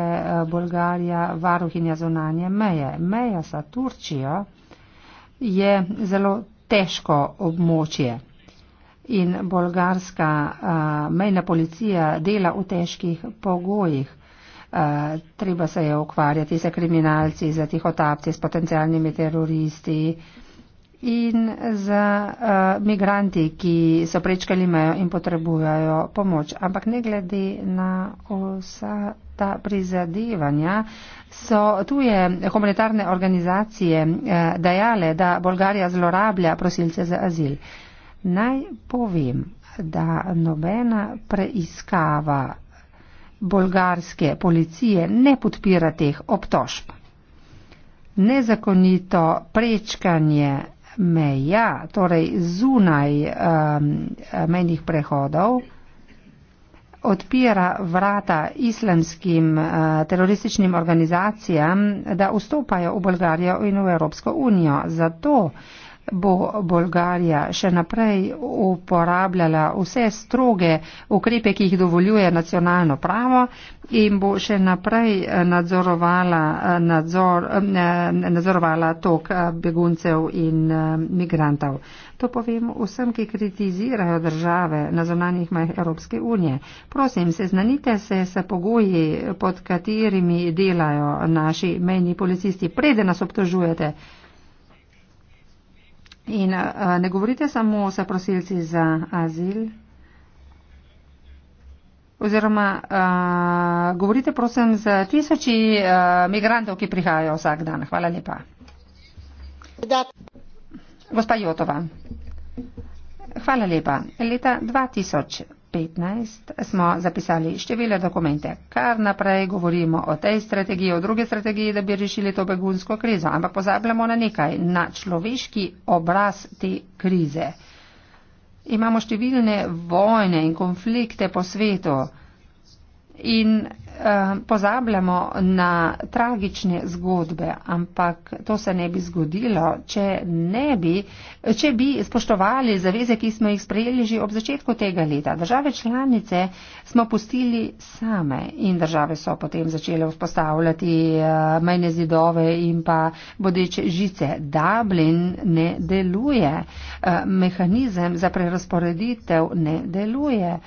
Speaker 1: bolgarija varuhinja zunanje meje meja sa turčijo je zelo težko območje in bolgarska uh, mejna policija dela v težkih pogojih. Uh, treba se je ukvarjati za kriminalci, za tihotapci, s potencijalnimi teroristi in za uh, migranti, ki so prečkali mejo in potrebujajo pomoč. Ampak ne glede na vsa ta prizadevanja, so tuje humanitarne organizacije uh, dajale, da Bolgarija zlorablja prosilce za azil. Uh, Naj povem, da nobena preiskava bolgarske policije ne podpira teh obtožb. Nezakonito prečkanje meja, torej zunaj um, menjih prehodov, odpira vrata islamskim uh, terorističnim organizacijam, da vstopajo v Bolgarijo in v Evropsko unijo. Zato uh, bo Bolgarija še naprej uporabljala vse stroge ukrepe, ki jih dovoljuje nacionalno pravo in bo še naprej eh, nadzorovala, eh, nadzor, eh, nadzorovala tok beguncev in migrantov. To povem vsem, ki kritizirajo države na zonanjih majh Evropske unije. Prosim, seznanite se s pogoji, pod katerimi delajo naši mejni policisti, preden nas obtožujete. In eh, ne govorite samo o zaprosilci za azil. Oziroma, uh, govorite prosim z tisoči uh, migrantov, ki prihajajo vsak dan. Hvala lepa. Gospa Jotova, hvala lepa. Leta 2000. 15 smo zapisali številne dokumente. Kar naprej govorimo o tej strategiji, o drugi strategiji, da bi rešili to begunsko krizo, ampak pozabljamo na nekaj, na človeški obraz te krize. Imamo številne vojne in konflikte po svetu in Eh, pozabljamo na tragične zgodbe, ampak to se ne bi zgodilo, če, ne bi, če bi spoštovali zaveze, ki smo jih sprejeli že ob začetku tega leta. Države članice smo pustili same in države so potem začele vzpostavljati eh, majne zidove in pa bodeče žice. Dublin ne deluje, eh, mehanizem za prerasporeditev ne deluje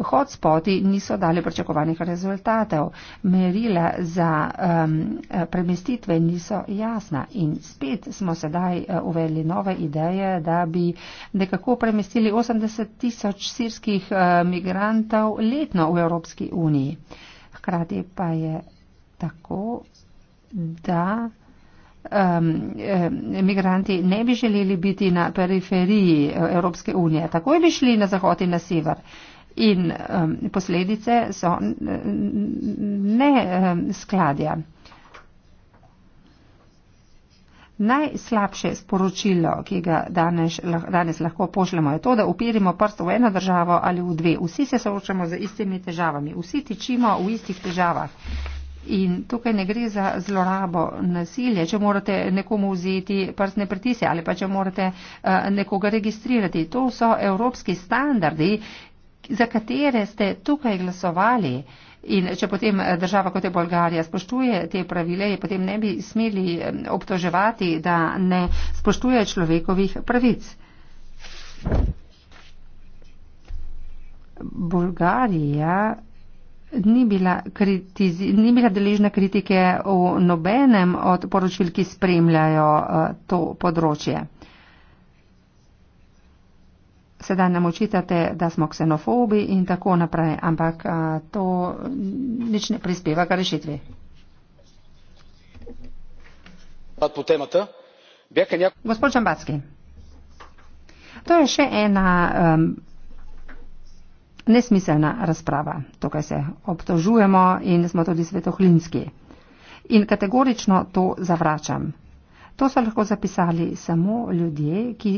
Speaker 1: hotspoti niso dali pričakovanih rezultatov, merila za um, premestitve niso jasna in spet smo sedaj uh, uvedli nove ideje, da bi nekako premestili 80 tisoč sirskih uh, migrantov letno v Evropski uniji. Hkrati pa je tako, da. Um, um, migranti ne bi želeli biti na periferiji uh, Evropske unije, takoj bi šli na zahod in na sever. Uh, in um, posledice so ne um, skladja. Najslabše sporočilo, ki ga danes, danes lahko pošljemo, je to, da upirimo prst v eno državo ali v dve. Vsi se soočamo z istimi težavami, vsi tičimo v istih težavah. In tukaj ne gre za zlorabo nasilja, če morate nekomu vzeti prstne pritise ali pa če morate uh, nekoga registrirati. To so evropski standardi, za katere ste tukaj glasovali. In če potem eh, država kot je Bolgarija spoštuje te pravile, je potem ne bi smeli obtoževati, da ne spoštuje človekovih pravic. Bolgarija ni bila, kritizi, ni bila deležna kritike v nobenem od poročil, ki spremljajo eh, to področje sedaj nam očitate, da smo ksenofobi in tako naprej, ampak to nič ne prispeva k rešitvi. Ja. Gospod Čambacki, to je še ena um, nesmiselna razprava. Tukaj se obtožujemo in smo tudi svetohlinski. In kategorično to zavračam. To so lahko zapisali samo ljudje, ki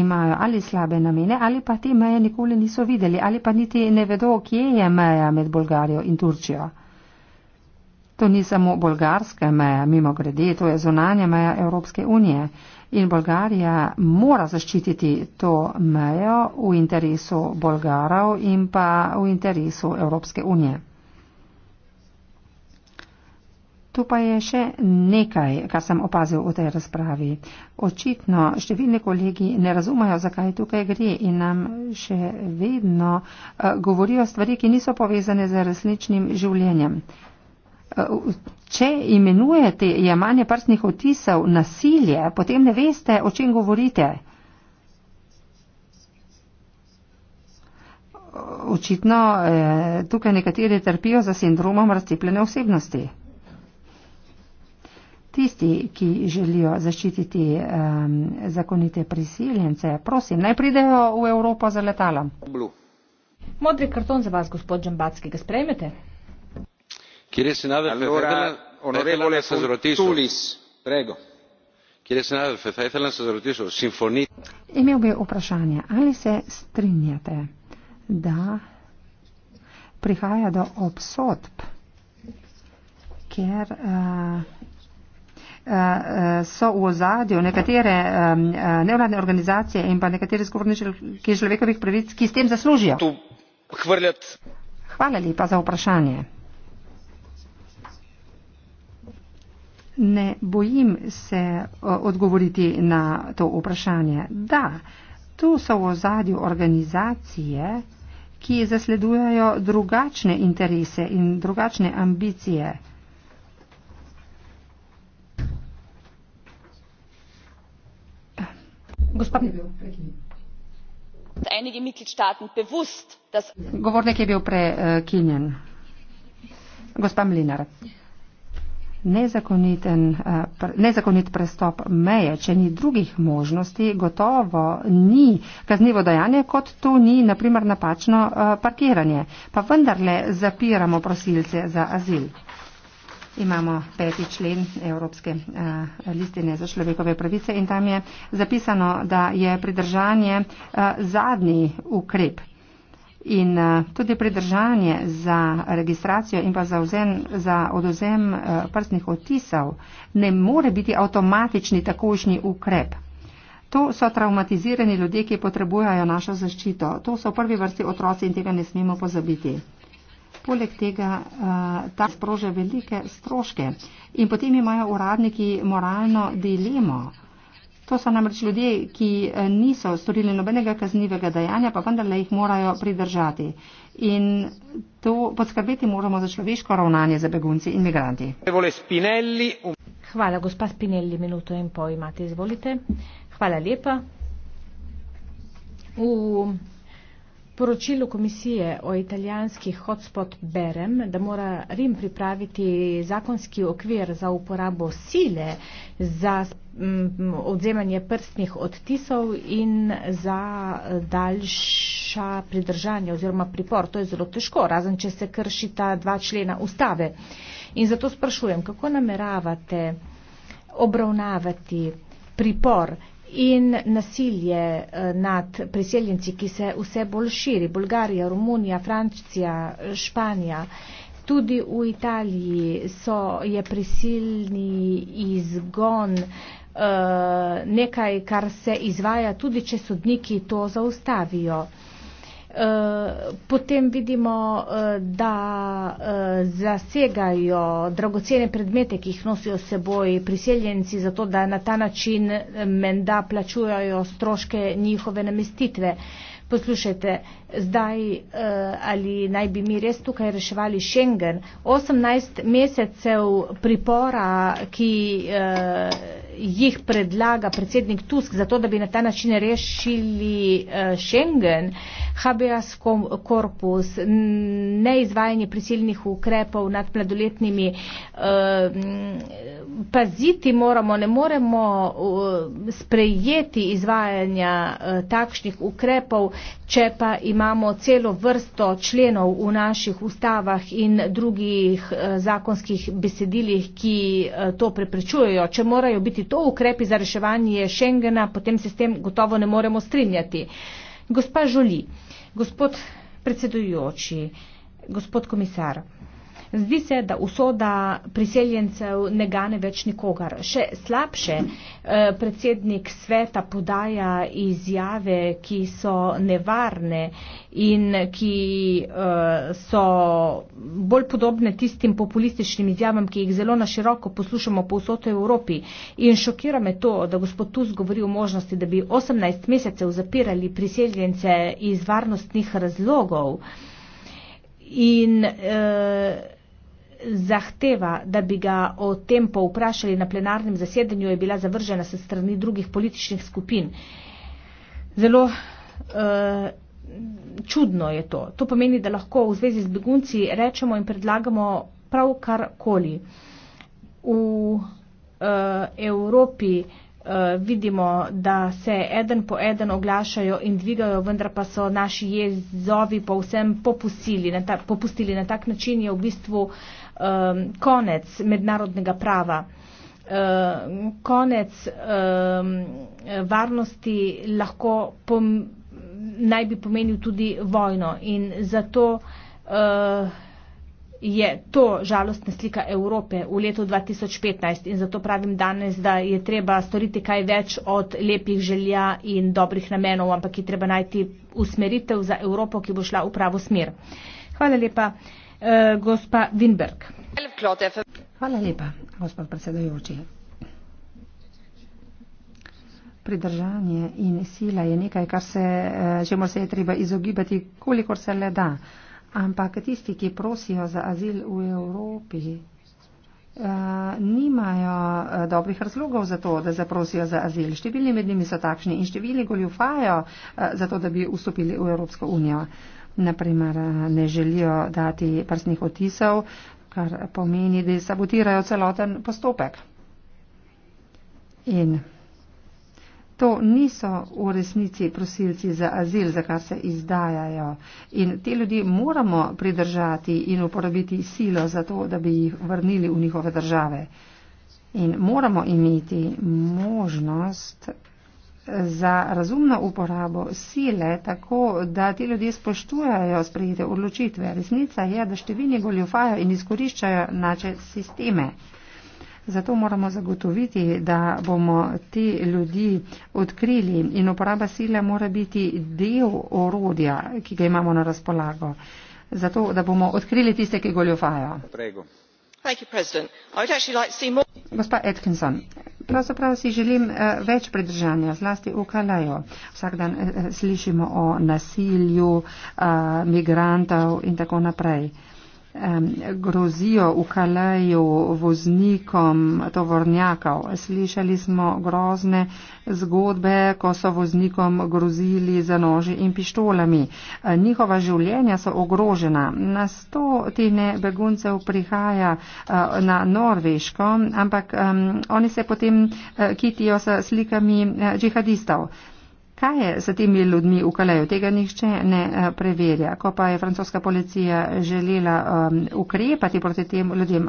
Speaker 1: imajo ali slabe namene, ali pa te meje nikoli niso videli, ali pa niti ne vedo, kje je meja med Bolgarijo in Turčijo. To ni samo bolgarska meja, mimo grede, to je zunanja meja Evropske unije. In Bolgarija mora zaščititi to mejo v interesu Bolgarov in pa v interesu Evropske unije. Tu pa je še nekaj, kar sem opazil v tej razpravi. Očitno številni kolegi ne razumejo, zakaj tukaj gre in nam še vedno eh, govorijo stvari, ki niso povezane z resničnim življenjem. Eh, če imenujete jemanje prstnih otisov nasilje, potem ne veste, o čem govorite. Očitno eh, tukaj nekateri trpijo za sindromom razcepljene osebnosti. Tisti, ki želijo zaščititi um, zakonite prisiljence, prosim, naj pridejo v Evropo za letalom. Modri karton za vas, gospod Džambac, ki ga sprejmete. Imel bi vprašanje, ali se strinjate, da prihaja do obsodb, ker. Uh, Eh, eh, so v ozadju nekatere eh, nevladne organizacije in pa nekatere skupnosti človekovih pravic, ki s tem zaslužijo. Hvala lepa za vprašanje. Ne bojim se odgovoriti na to vprašanje. Da, tu so v ozadju organizacije, ki zasledujajo drugačne interese in drugačne ambicije. govornik je bil prekinjen gospa mlinar nezakoniten, eh, nezakonit prestop meje če ni drugih možnosti gotovo ni kaznivo dejanje kot tu ni na primer napačno eh, parkiranje pa vendarle zapiramo prosilce za azil imamo peti člen Evropske eh, listine za človekove pravice in tam je zapisano, da je pridržanje eh, zadnji ukrep. In eh, tudi pridržanje za registracijo in pa za, vzem, za odozem prstnih otisov ne more biti avtomatični takošnji ukrep. To so traumatizirani ljudje, ki potrebujejo našo zaščito. To so v prvi vrsti otroci in tega ne smemo pozabiti. Poleg tega uh, ta sproža velike stroške in potem imajo uradniki moralno dilemo. To so namreč ljudje, ki eh, niso storili nobenega kaznivega dejanja, pa vendarle jih morajo pridržati. In to podskrbeti moramo za človeško ravnanje za begunci in migranti.
Speaker 6: Um-
Speaker 1: Hvala, gospa Spinelli,
Speaker 3: minuto in pol imate, izvolite. Hvala lepa. V poročilu komisije o italijanskih hotspot berem, da mora Rim pripraviti zakonski okvir za uporabo sile za mm, odzemanje prstnih odtisov in za daljša pridržanja oziroma pripor. To je zelo težko, razen če se kršita dva člena ustave. In zato sprašujem, kako nameravate obravnavati pripor, in nasilje eh, nad priseljenci, ki se vse bolj širi. Bolgarija, Romunija, Francija, Španija. Tudi v Italiji so, je prisilni izgon eh, nekaj, kar se izvaja, tudi če sodniki to zaustavijo. Eh, potem vidimo, uh, da uh, zasegajo dragocene predmete, ki jih nosijo s seboj priseljenci, zato da na ta način menda plačujajo stroške njihove namestitve. Poslušajte, zdaj ali naj bi mi res tukaj reševali Schengen, 18 mesecev pripora, ki jih predlaga predsednik Tusk, zato da bi na ta način rešili Schengen, habeas corpus, neizvajanje prisilnih ukrepov nad mladoletnimi. Eh, paziti moramo, ne moremo eh, sprejeti izvajanja eh, takšnih ukrepov, če pa imamo celo vrsto členov v naših ustavah in drugih zakonskih besedilih, ki to preprečujejo. Če morajo biti to ukrepi za reševanje Schengena, potem se s tem gotovo ne moremo strinjati. Gospa Žoli. Gospod predsedujoči, gospod komisar, Zdi se, da usoda priseljencev ne gane več nikogar. Še slabše, eh, predsednik sveta podaja izjave, ki so nevarne in ki eh, so bolj podobne tistim populističnim izjavam, ki jih zelo naširoko poslušamo po vsoto Evropi. In šokira me to, da gospod Tus govori o možnosti, da bi 18 mesecev zapirali priseljence iz varnostnih razlogov. In, eh, zahteva, da bi ga o tem povprašali na plenarnem zasedanju, je bila zavržena se strani drugih političnih skupin. Zelo uh, čudno je to. To pomeni, da lahko v zvezi z begunci rečemo in predlagamo prav kar koli. V uh, Evropi uh, vidimo, da se eden po eden oglašajo in dvigajo, vendar pa so naši jezovi povsem popustili. Na ta, popustili na tak način je v bistvu uh, um, konec mednarodnega prava, um, konec um, varnosti lahko pom, naj bi pomenil tudi vojno in zato uh, je to žalostna slika Evrope v letu 2015 in zato pravim danes, da je treba storiti kaj več od lepih želja in dobrih namenov, ampak je treba najti usmeritev za Evropo, ki bo šla v pravo smer. Hvala lepa. Eh,
Speaker 1: Hvala lepa, gospod predsedujoči. Pridržanje in sila je nekaj, kar se, eh, če mora se je treba izogibati, kolikor se le da. Ampak tisti, ki prosijo za azil v Evropi, eh, nimajo dobrih razlogov za to, da zaprosijo za azil. Številni med njimi so takšni in številni goljufajo za to, da bi vstopili v Evropsko unijo naprimer ne želijo dati prstnih otisov, kar pomeni, da sabotirajo celoten postopek. In to niso v resnici prosilci za azil, za kar se izdajajo. In te ljudi moramo pridržati in uporabiti silo za to, da bi jih vrnili v njihove države. In moramo imeti možnost za razumno uporabo sile, tako da ti ljudje spoštujajo sprejete odločitve. Resnica je, da številni goljufajo in izkoriščajo naše sisteme. Zato moramo zagotoviti, da bomo te ljudi odkrili in uporaba sile mora biti del orodja, ki ga imamo na razpolago, zato da bomo odkrili tiste, ki goljufajo. Gospa Atkinson, Pravzaprav si želim eh, več pridržanja, zlasti v Kalajo. Vsak dan eh, slišimo o nasilju, eh, migrantov in tako naprej grozijo v Kaleju voznikom tovornjakov. Slišali smo grozne zgodbe, ko so voznikom grozili za noži in pištolami. Njihova življenja so ogrožena. Na sto tine beguncev prihaja na Norveško, ampak oni se potem kitijo s slikami džihadistov. Kaj je z temi ljudmi v Kalaju? Tega nihče ne eh, preverja. Ko pa je francoska policija želela um, ukrepati proti tem ljudem,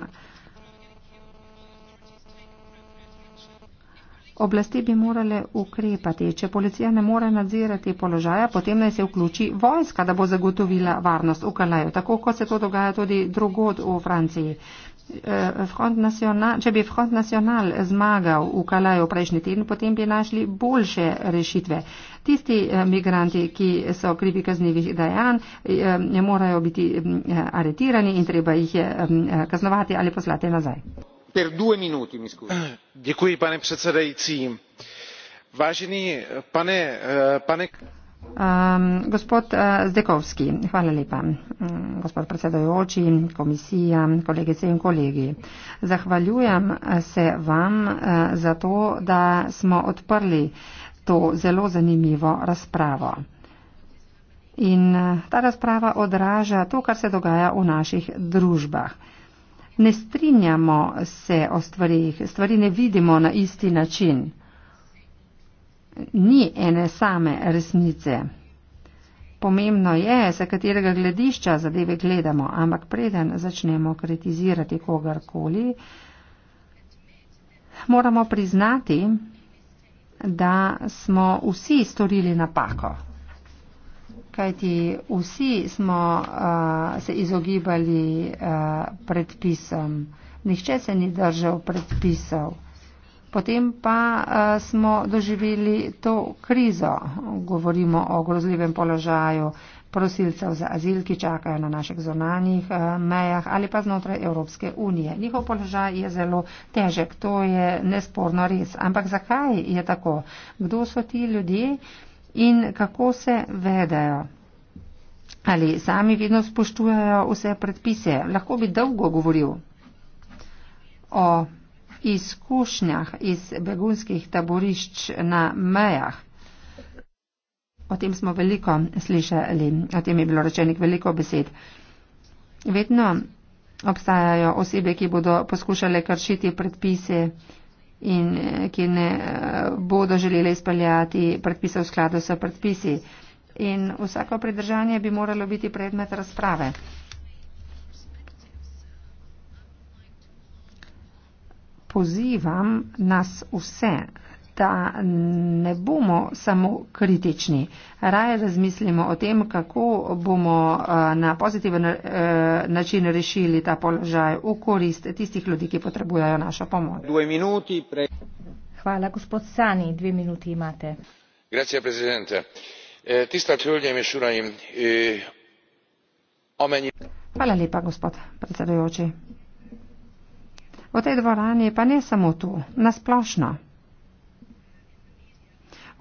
Speaker 1: oblasti bi morale ukrepati. Če policija ne more nadzirati položaja, potem naj se vključi vojska, da bo zagotovila varnost v Kalaju, tako kot se to dogaja tudi drugod v Franciji. Eh, Front National, če bi Front National zmagal v Kalaju prejšnji teden, potem bi našli boljše rešitve. Tisti eh, migranti, ki so krivi kaznivih dejanj, ne eh, morajo biti aretirani in treba jih je kaznovati ali poslati nazaj.
Speaker 6: Per due minuti, mi Děkuji, pane predsedajci.
Speaker 4: Vážený pane, pane...
Speaker 1: Um, gospod eh, Zdekovski, hvala lepa. Mm, gospod predsedojoči, komisija, kolegice in kolegi. Zahvaljujem eh, se vam eh, za to, da smo odprli to zelo zanimivo razpravo. In ta razprava odraža to, kar se dogaja v naših družbah. Ne strinjamo se o stvarih, stvari ne vidimo na isti način ni ene same resnice. Pomembno je, za katerega gledišča zadeve gledamo, ampak preden začnemo kritizirati kogarkoli, moramo priznati, da smo vsi storili napako. Kajti vsi smo uh, se izogibali uh, predpisom, nihče se ni držal predpisov. Potem pa uh, smo doživeli to krizo, govorimo o grozljivem položaju prosilcev za azil, ki čakajo na naših zonanjih uh, eh, mejah ali pa znotraj Evropske unije. Njihov položaj je zelo težek, to je nesporno res. Ampak zakaj je tako? Kdo so ti ljudje in kako se vedajo? Ali sami vedno spoštujejo vse predpise? Lahko bi dolgo govoril o izkušnjah iz begunskih taborišč na mejah. O tem smo veliko slišali, o tem je bilo rečenih veliko besed. Vedno obstajajo osebe, ki bodo poskušale kršiti predpise in ki ne bodo želeli izpeljati predpise v skladu s predpisi. In vsako pridržanje bi moralo biti predmet razprave. pozivam nas vse, da ne bomo samo kritični. Raje razmislimo o tem, kako bomo eh, na pozitiven eh, način rešili ta položaj v korist tistih ljudi, ki potrebujajo našo pomoč.
Speaker 6: Hvala,
Speaker 3: gospod Sani. Dve minuti imate.
Speaker 6: Grazie, presidente. Eh, Tistat, hrljem,
Speaker 4: šurajim.
Speaker 1: Hvala lepa, gospod predsedujoči. V tej dvorani pa ne samo tu, nasplošno.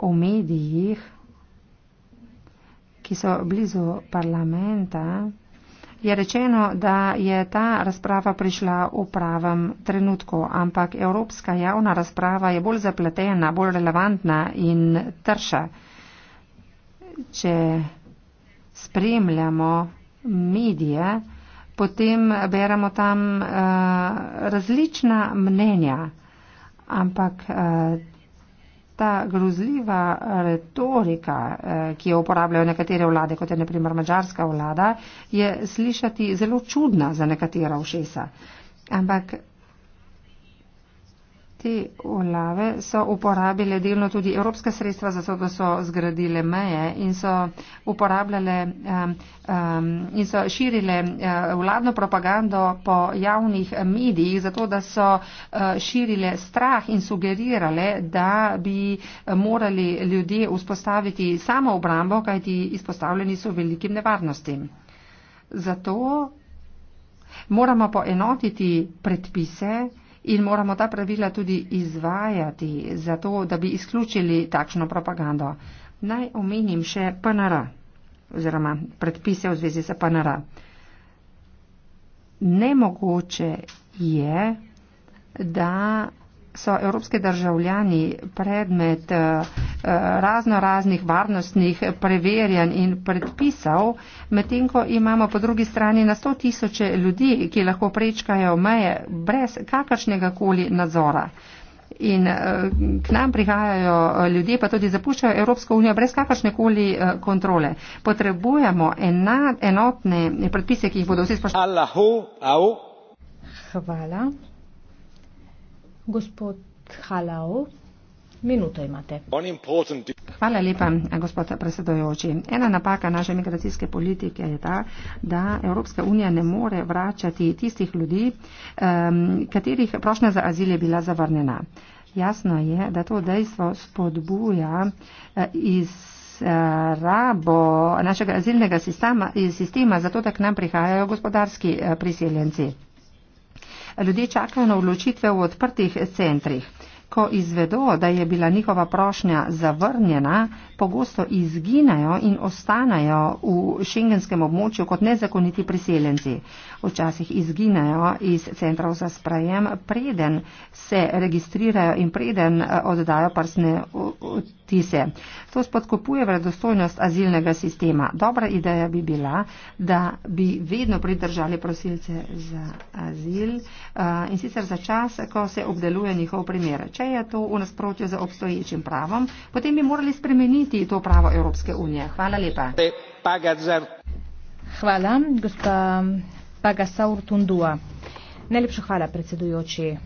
Speaker 1: V medijih, ki so blizu parlamenta, je rečeno, da je ta razprava prišla v pravem trenutku, ampak evropska javna razprava je bolj zapletena, bolj relevantna in trša. Če spremljamo medije, potem beremo tam uh, različna mnenja, ampak uh, ta grozljiva retorika, uh, ki jo uporabljajo nekatere vlade, kot je naprimer mađarska vlada, je slišati zelo čudna za nekatera všesa. Ampak te olave so uporabile delno tudi evropske sredstva, zato da so zgradile meje in so uporabljale um, um, in so širile uh, vladno propagando po javnih medijih, zato da so uh, širile strah in sugerirale, da bi morali ljudje vzpostaviti samo obrambo, kajti izpostavljeni so velikim nevarnostim. Zato moramo poenotiti predpise, in moramo ta pravila tudi izvajati, zato da bi izključili takšno propagando. Naj omenim še PNR oziroma predpise v zvezi s PNR. Nemogoče je, da so evropske državljani predmet eh, eh, razno raznih varnostnih preverjanj in predpisov, medtem ko imamo po drugi strani na sto tisoče ljudi, ki lahko prečkajo meje brez kakršnega koli nadzora. In eh, k nam prihajajo ljudje, pa tudi zapuščajo Evropsko unijo brez kakršne koli kontrole. Potrebujemo ena, enotne predpise, ki jih bodo vsi spoštovali. Hvala gospod Halau. Minuto imate. Hvala lepa, gospod predsedojoči. Ena napaka naše migracijske politike je ta, da Evropska unija ne more vračati tistih ljudi, katerih prošnja za azil je bila zavrnjena. Jasno je, da to dejstvo spodbuja eh, iz eh, rabo našega azilnega sistema, sistema zato, da k nam prihajajo gospodarski eh, priseljenci. Ljudje čakajo na odločitve v odprtih centrih. Ko izvedo, da je bila njihova prošnja zavrnjena, pogosto izginajo in ostanajo v šengenskem območju kot nezakoniti priseljenci. Včasih izginajo iz centrov za sprajem, preden se registrirajo in preden eh, oddajo prsne vtise. To spodkopuje vredostojnost azilnega sistema. Dobra ideja bi bila, da bi vedno pridržali prosilce za azil eh, in sicer za čas, ko se obdeluje njihov primer. Če je to v nasprotju z obstoječim pravom, potem bi morali spremeniti to pravo Evropske unije. Hvala lepa. Hvala, gospa Pagasaur Tundua.
Speaker 3: Najlepša hvala, predsedujoči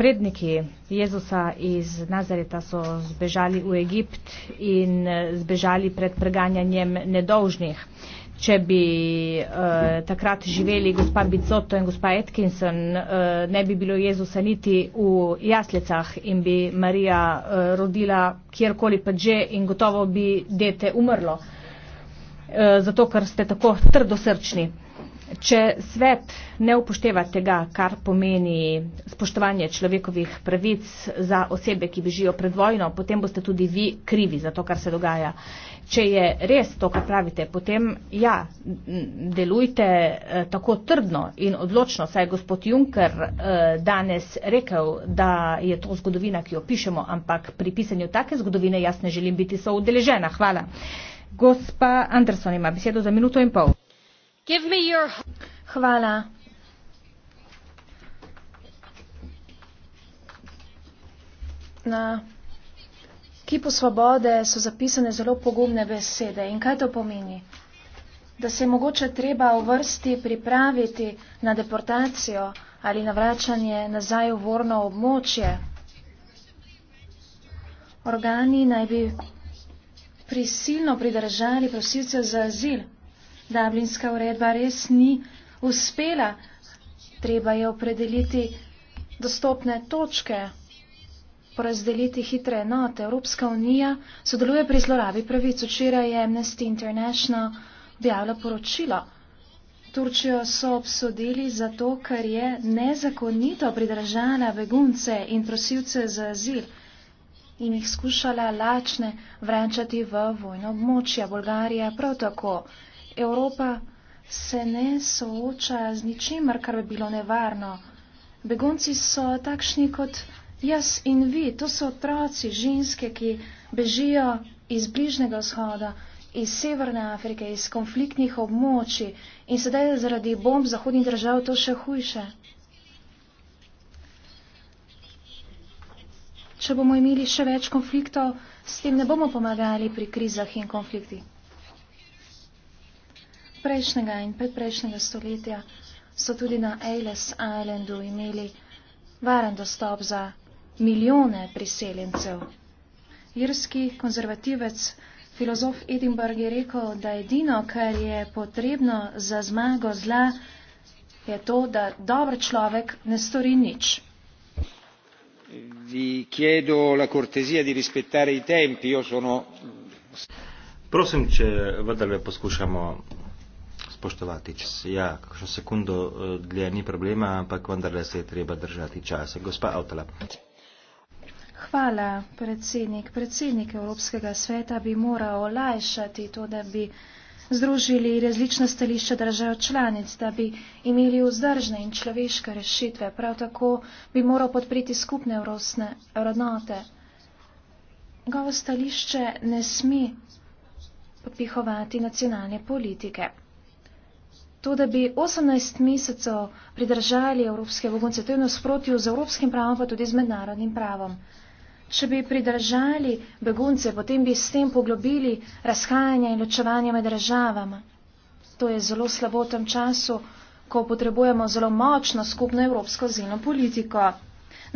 Speaker 3: predniki Jezusa iz Nazareta so zbežali v Egipt in eh, zbežali pred preganjanjem nedolžnih. Če bi uh, takrat živeli gospa Bicotto in gospa Atkinson, uh, ne bi bilo Jezusa niti v jaslicah in bi Marija uh, rodila kjerkoli pa že in gotovo bi dete umrlo, uh, zato ker ste tako trdosrčni. Uh, Če svet ne upošteva tega, kar pomeni spoštovanje človekovih pravic za osebe, ki bežijo pred vojno, potem boste tudi vi krivi za to, kar se dogaja. Če je res to, kar pravite, potem ja, delujte eh, tako trdno in odločno, saj je gospod Juncker eh, danes rekel, da je to zgodovina, ki jo pišemo, ampak pri pisanju take zgodovine jaz ne želim biti soudeležena. Hvala. Gospa Anderson ima besedo za minuto in pol. Hvala.
Speaker 7: Na kipu svobode so zapisane zelo pogumne besede. In kaj to pomeni? Da se je mogoče treba v vrsti pripraviti na deportacijo ali na vračanje nazaj v vorno območje. Organi naj bi prisilno pridržali prosilce za azil. Dablinska uredba res ni uspela. Treba je opredeliti dostopne točke, porazdeliti hitre enote. Evropska unija sodeluje pri zlorabi pravic. Včeraj je Amnesty International objavila poročilo. Turčijo so obsodili zato, ker je nezakonito pridržala begunce in prosilce za azil in jih skušala lačne vračati v vojno območje. Bolgarija prav tako. Evropa se ne sooča z ničimer, kar bi bilo nevarno. Begunci so takšni kot jaz in vi. To so otroci, ženske, ki bežijo iz bližnjega vzhoda, iz severne Afrike, iz konfliktnih območij in sedaj je zaradi bomb zahodnih držav to še hujše. Če bomo imeli še več konfliktov, s tem ne bomo pomagali pri krizah in konfliktih prejšnjega in predprejšnjega stoletja so tudi na Ailes Islandu imeli varen dostop za milijone priseljencev. Irski konzervativec filozof Edinburg je rekel, da edino, kar je potrebno za zmago zla, je to, da dober človek ne stori nič.
Speaker 4: Prosim, če vendarle poskušamo spoštovati čas. Ja, kakšno sekundo eh, dlje ni problema, ampak vendarle se je treba držati časa. Gospa Avtala.
Speaker 7: Hvala, predsednik. Predsednik Evropskega sveta bi moral olajšati to, da bi združili različna stališča držav članic, da bi imeli vzdržne in človeške rešitve. Prav tako bi moral podpriti skupne evropske vrednote. Njegovo stališče ne sme podpihovati nacionalne politike. To, da bi 18 mesecev pridržali evropske vogonce, to je v nasprotju z evropskim pravom, pa tudi z mednarodnim pravom. Če bi pridržali begunce, potem bi s tem poglobili razhajanje in ločevanje med državama. To je zelo slabo v tem času, ko potrebujemo zelo močno skupno evropsko zeleno politiko.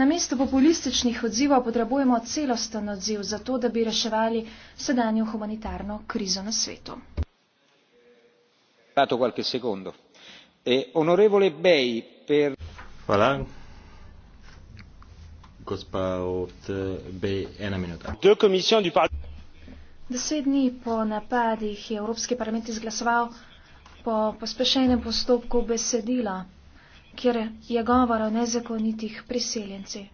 Speaker 7: Na mesto populističnih odzivov potrebujemo celosten odziv za to, da bi reševali sedanjo humanitarno krizo na svetu.
Speaker 6: Eh, onorevole bay per.
Speaker 4: deux commissions du parlement.
Speaker 6: deset
Speaker 3: dni
Speaker 7: po napadih je evropski parlament izglasoval po pospešenem postopku besedila kjer je govor o nezakonitih priseljencih.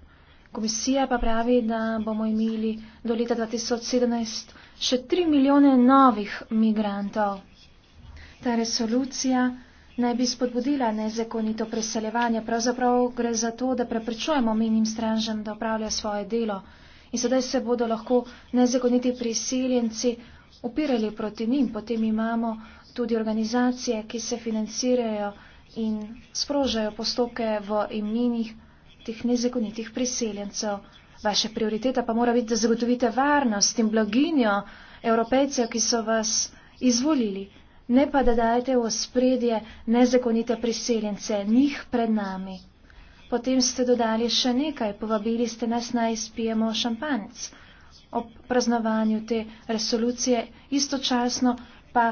Speaker 7: Komisija pa pravi, da bomo imeli do leta 2017 še 3 milijone novih migrantov ta resolucija ne bi spodbudila nezakonito preseljevanje. Pravzaprav gre za to, da preprečujemo minim stranžem, da upravlja svoje delo. In sedaj se bodo lahko nezakoniti priseljenci upirali proti njim. Potem imamo tudi organizacije, ki se financirajo in sprožajo postoke v imenih teh nezakonitih priseljencev. Vaša prioriteta pa mora biti, da zagotovite varnost in blaginjo evropejcev, ki so vas izvolili ne pa da dajete v spredje nezakonite priseljence, njih pred nami. Potem ste dodali še nekaj, povabili ste nas naj spijemo šampanjec ob praznovanju te resolucije, istočasno pa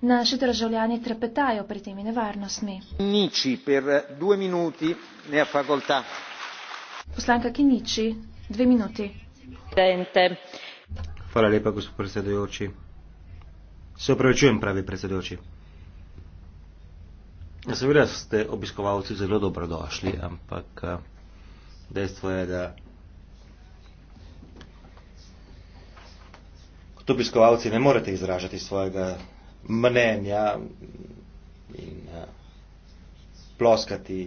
Speaker 7: naši državljani trepetajo pri temi nevarnostmi.
Speaker 6: Niči, per due minuti, ne fakulta.
Speaker 7: Poslanka Kiniči, dve minuti.
Speaker 4: Hvala lepa, gospod predsedujoči. Se upravičujem, pravi predsedujoči. Seveda ste obiskovalci zelo dobrodošli, ampak eh, dejstvo je, da kot obiskovalci ne morete izražati svojega mnenja in eh, ploskati,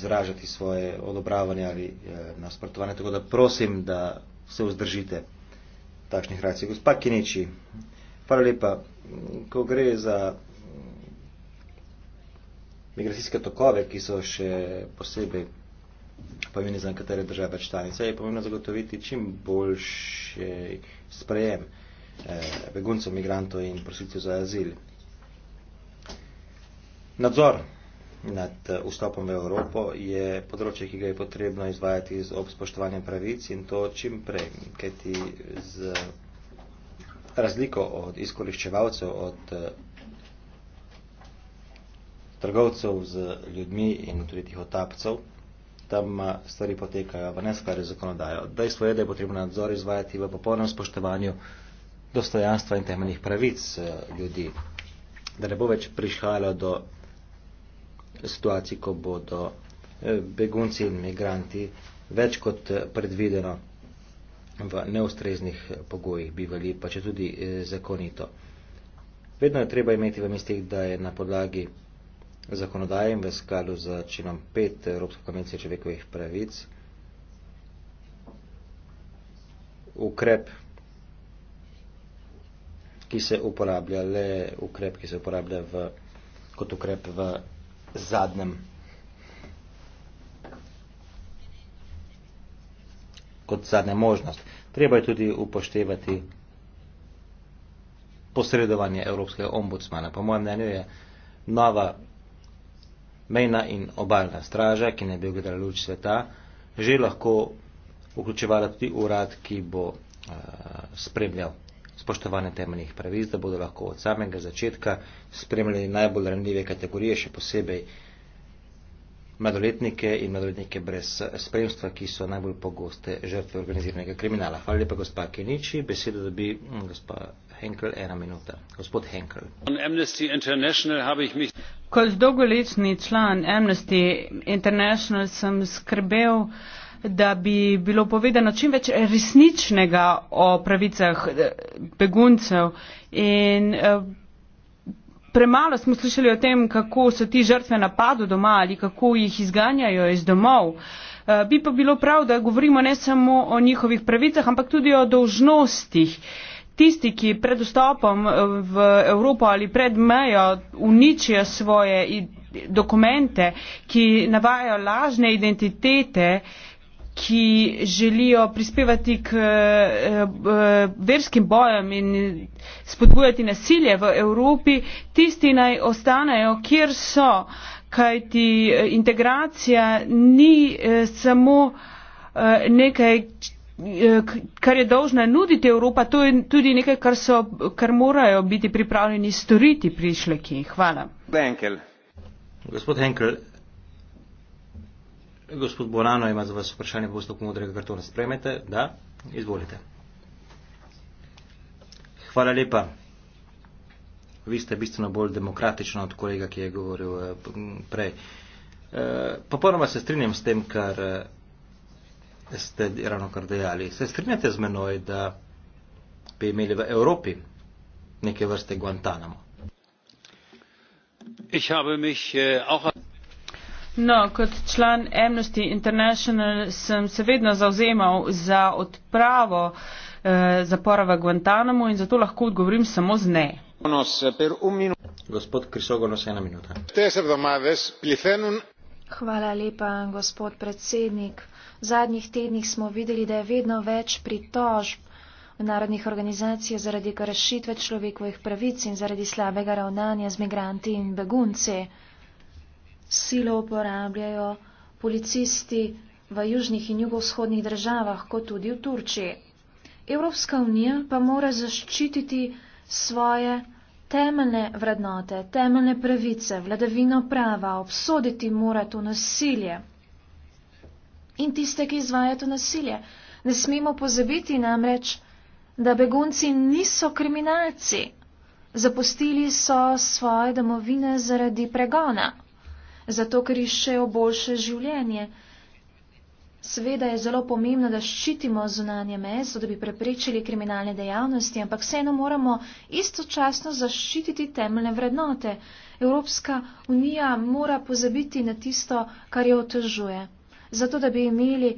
Speaker 4: izražati svoje odobravanje ali eh, nasprotovanje. Tako da prosim, da se vzdržite takšnih racij. Gospa Kineči, Hvala lepa. Ko gre za mm, migracijske tokove, ki so še posebej pomembne za nekatere države članice, je pomembno zagotoviti čim boljši sprejem eh, beguncev, migrantov in prosilcev za azil. Nadzor nad eh, vstopom v Evropo je področje, ki ga je potrebno izvajati z ob spoštovanjem pravic in to čim prej, kajti z razliko od izkoriščevalcev, od eh, trgovcev z ljudmi in tudi tih otapcev, tam eh, stvari potekajo v neskladju zakonodajo. Dejstvo je, da je potrebno nadzor izvajati v popolnem spoštovanju dostojanstva in temeljnih pravic eh, ljudi, da ne bo več prišlo do situacij, ko bodo eh, begunci in migranti več kot eh, predvideno v neustreznih eh, pogojih bivali, pa če tudi eh, zakonito. Vedno je treba imeti v mislih, da je na podlagi zakonodaje v skladu za činom 5 Evropske konvencije človekovih pravic ukrep, ki se uporablja le ukrep, ki se uporablja v, kot ukrep v zadnjem kot zadnja možnost. Treba je tudi upoštevati posredovanje Evropskega ombudsmana. Po mojem mnenju je nova mejna in obaljna straža, ki ne bi ogledala luč sveta, že lahko vključevala tudi urad, ki bo uh, spremljal spoštovanje temeljnih pravic, da bodo lahko od samega začetka spremljali najbolj ranljive kategorije, še posebej uh, mladoletnike in mladoletnike brez eh, spremstva, ki so najbolj pogoste žrtve organiziranega kriminala. Hvala lepa, gospa Kenici. Besedo dobi mm, gospa Henkel, ena minuta. Gospod Henkel.
Speaker 5: Kot dolgoletni član Amnesty International sem skrbel, da bi bilo povedano čim več resničnega o pravicah eh, beguncev in eh, premalo smo slišali o tem, kako so ti žrtve napadu doma ali kako jih izganjajo iz domov. Eh, bi pa bilo prav, da govorimo ne samo o njihovih pravicah, ampak tudi o dolžnostih. Tisti, ki pred vstopom eh, v Evropo ali pred mejo uničijo svoje dokumente, ki navajajo lažne identitete, ki želijo prispevati k eh, eh, verskim bojem in spodbujati nasilje v Evropi, tisti naj ostanejo, kjer so, kajti eh, integracija ni samo nekaj, kar je dolžna nuditi Evropa, to je tudi nekaj, kar, so, kar morajo biti pripravljeni storiti prišleki. Hvala.
Speaker 4: Gospod Henkel, Gospod Borano ima za vas vprašanje, bo ste modrega kartona spremete? Da, izvolite. Hvala lepa. Vi ste bistveno bolj demokratično od kolega, ki je govoril eh, prej. E, popolnoma se strinjam s tem, kar eh, ste ravno kar dejali. Se strinjate z menoj, da bi imeli v Evropi neke vrste Guantanamo?
Speaker 5: Ich habe mich auch No, kot član Amnesty International sem se vedno zauzemal za odpravo eh, zapora v Guantanamo in zato lahko odgovorim samo z ne.
Speaker 6: Eh, gospod Krisogonos, ena minuta.
Speaker 7: Hvala lepa, gospod predsednik. V zadnjih tednih smo videli, da je vedno več pritožb narodnih organizacij zaradi kršitve človekovih pravic in zaradi slabega ravnanja z migranti in begunci silo uporabljajo policisti v južnih in jugovzhodnih državah, kot tudi v Turčiji. Evropska unija pa mora zaščititi svoje temeljne vrednote, temeljne pravice, vladavino prava, obsoditi mora to nasilje in tiste, ki izvaja to nasilje. Ne smemo pozabiti namreč, da begunci niso kriminalci. Zapustili so svoje domovine zaradi pregona zato ker iščejo boljše življenje. Seveda je zelo pomembno, da ščitimo zunanje meje, zato da bi preprečili kriminalne dejavnosti, ampak vseeno moramo istočasno zaščititi temeljne vrednote. Evropska unija mora pozabiti na tisto, kar jo otežuje, zato da bi imeli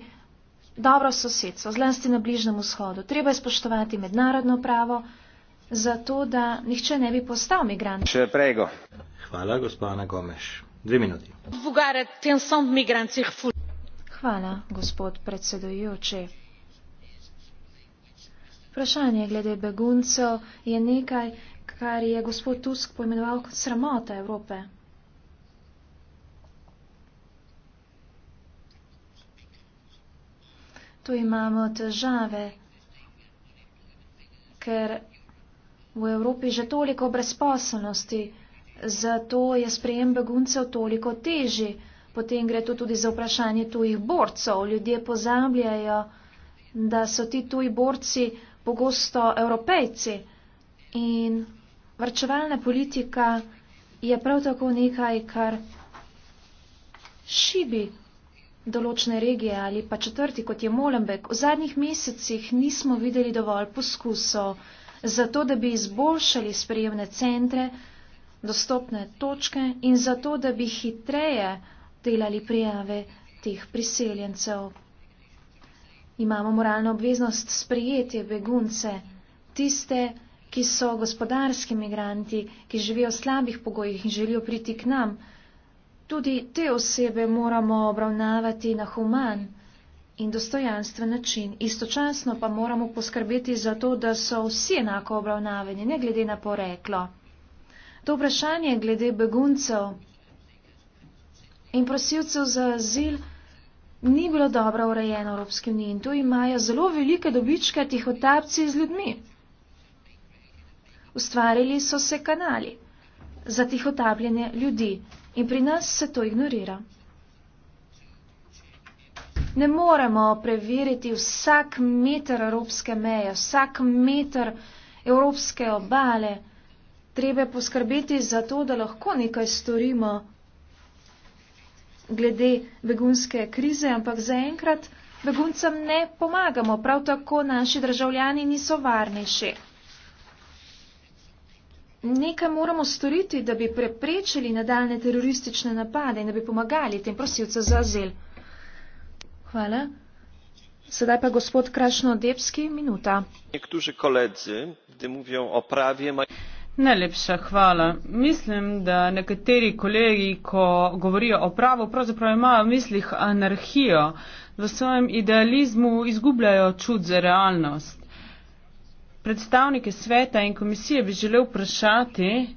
Speaker 7: dobro sosedstvo, zlasti na bližnjem vzhodu. Treba je spoštovati mednarodno pravo, zato da nihče ne bi postal migrant.
Speaker 4: Hvala, gospod Ana Gomeš
Speaker 7: vprašanje glede beguncev je nekaj kar je gospod tusk poimenoval kot sramota evrope tu imamo težave ker v evropi že toliko brezposelnosti zato je sprejem beguncev toliko težji. Potem gre to tudi za vprašanje tujih borcev. Ljudje pozabljajo, da so ti tuji borci pogosto evropejci. In vrčevalna politika je prav tako nekaj, kar šibi določene regije ali pa četrti, kot je Molenbeek. V zadnjih mesecih nismo videli dovolj poskusov za to, da bi izboljšali sprejemne centre, dostopne točke in zato, da bi hitreje delali prijave teh priseljencev. Imamo moralno obveznost sprejeti begunce, tiste, ki so gospodarski migranti, ki živijo v slabih pogojih in želijo priti k nam. Tudi te osebe moramo obravnavati na human in dostojanstven način. Istočasno pa moramo poskrbeti za to, da so vsi enako obravnaveni, ne glede na poreklo to vprašanje glede beguncev in prosilcev za azil ni bilo dobro urejeno v Evropski uniji in tu imajo zelo velike dobičke tihotapci z ljudmi. Ustvarili so se kanali za tihotapljenje ljudi in pri nas se to ignorira. Ne moremo preveriti vsak meter evropske meje, vsak meter evropske obale treba poskrbeti za to, da lahko nekaj storimo glede begunske krize, ampak zaenkrat beguncem ne pomagamo, prav tako naši državljani niso varnejši. Nekaj moramo storiti, da bi preprečili nadaljne teroristične napade in da bi pomagali tem prosilcem za azil. Hvala.
Speaker 5: Sedaj pa gospod Krašno Debski, minuta.
Speaker 4: Nekateri kolegi, ko govorijo o pravi,
Speaker 5: imajo. Najlepša hvala. Mislim, da nekateri kolegi, ko govorijo o pravu, pravzaprav imajo v mislih anarhijo. V svojem idealizmu izgubljajo čud za realnost. Predstavnike sveta in komisije bi želel vprašati,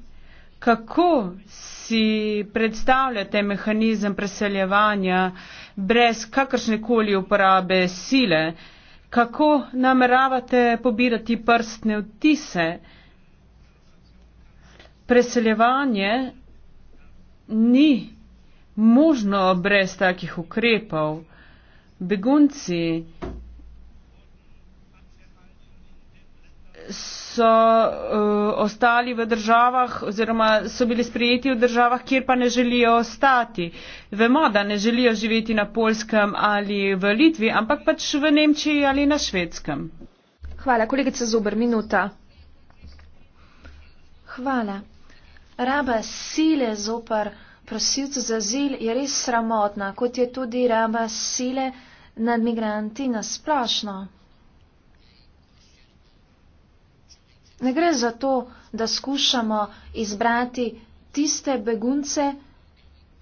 Speaker 5: kako si predstavljate mehanizem preseljevanja brez kakršnekoli uporabe sile, kako nameravate pobirati prstne vtise, preseljevanje ni možno brez takih ukrepov. Begunci so uh, ostali v državah oziroma so bili sprijeti v državah, kjer pa ne želijo ostati. Vemo, da ne želijo živeti na Polskem ali v Litvi, ampak pač v Nemčiji ali na Švedskem.
Speaker 7: Hvala, kolegica Zober, minuta. Hvala. Raba sile zopr prosilcu za zil je res sramotna, kot je tudi raba sile nad migranti nasplošno. Ne gre za to, da skušamo izbrati tiste begunce,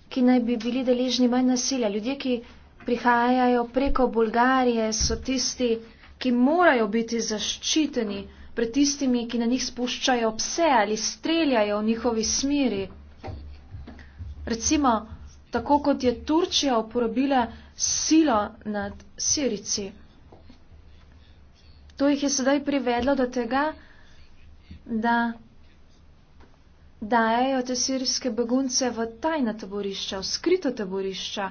Speaker 7: ki naj bi bili deležni manj nasilja. Ljudje, ki prihajajo preko Bulgarije, so tisti, ki morajo biti zaščiteni pred tistimi, ki na njih spuščajo pse ali streljajo v njihovi smeri. Recimo, tako kot je Turčija uporabila silo nad Sirici. To jih je sedaj privedlo do tega, da dajajo te sirijske begunce v tajna taborišča, v skrito taborišča.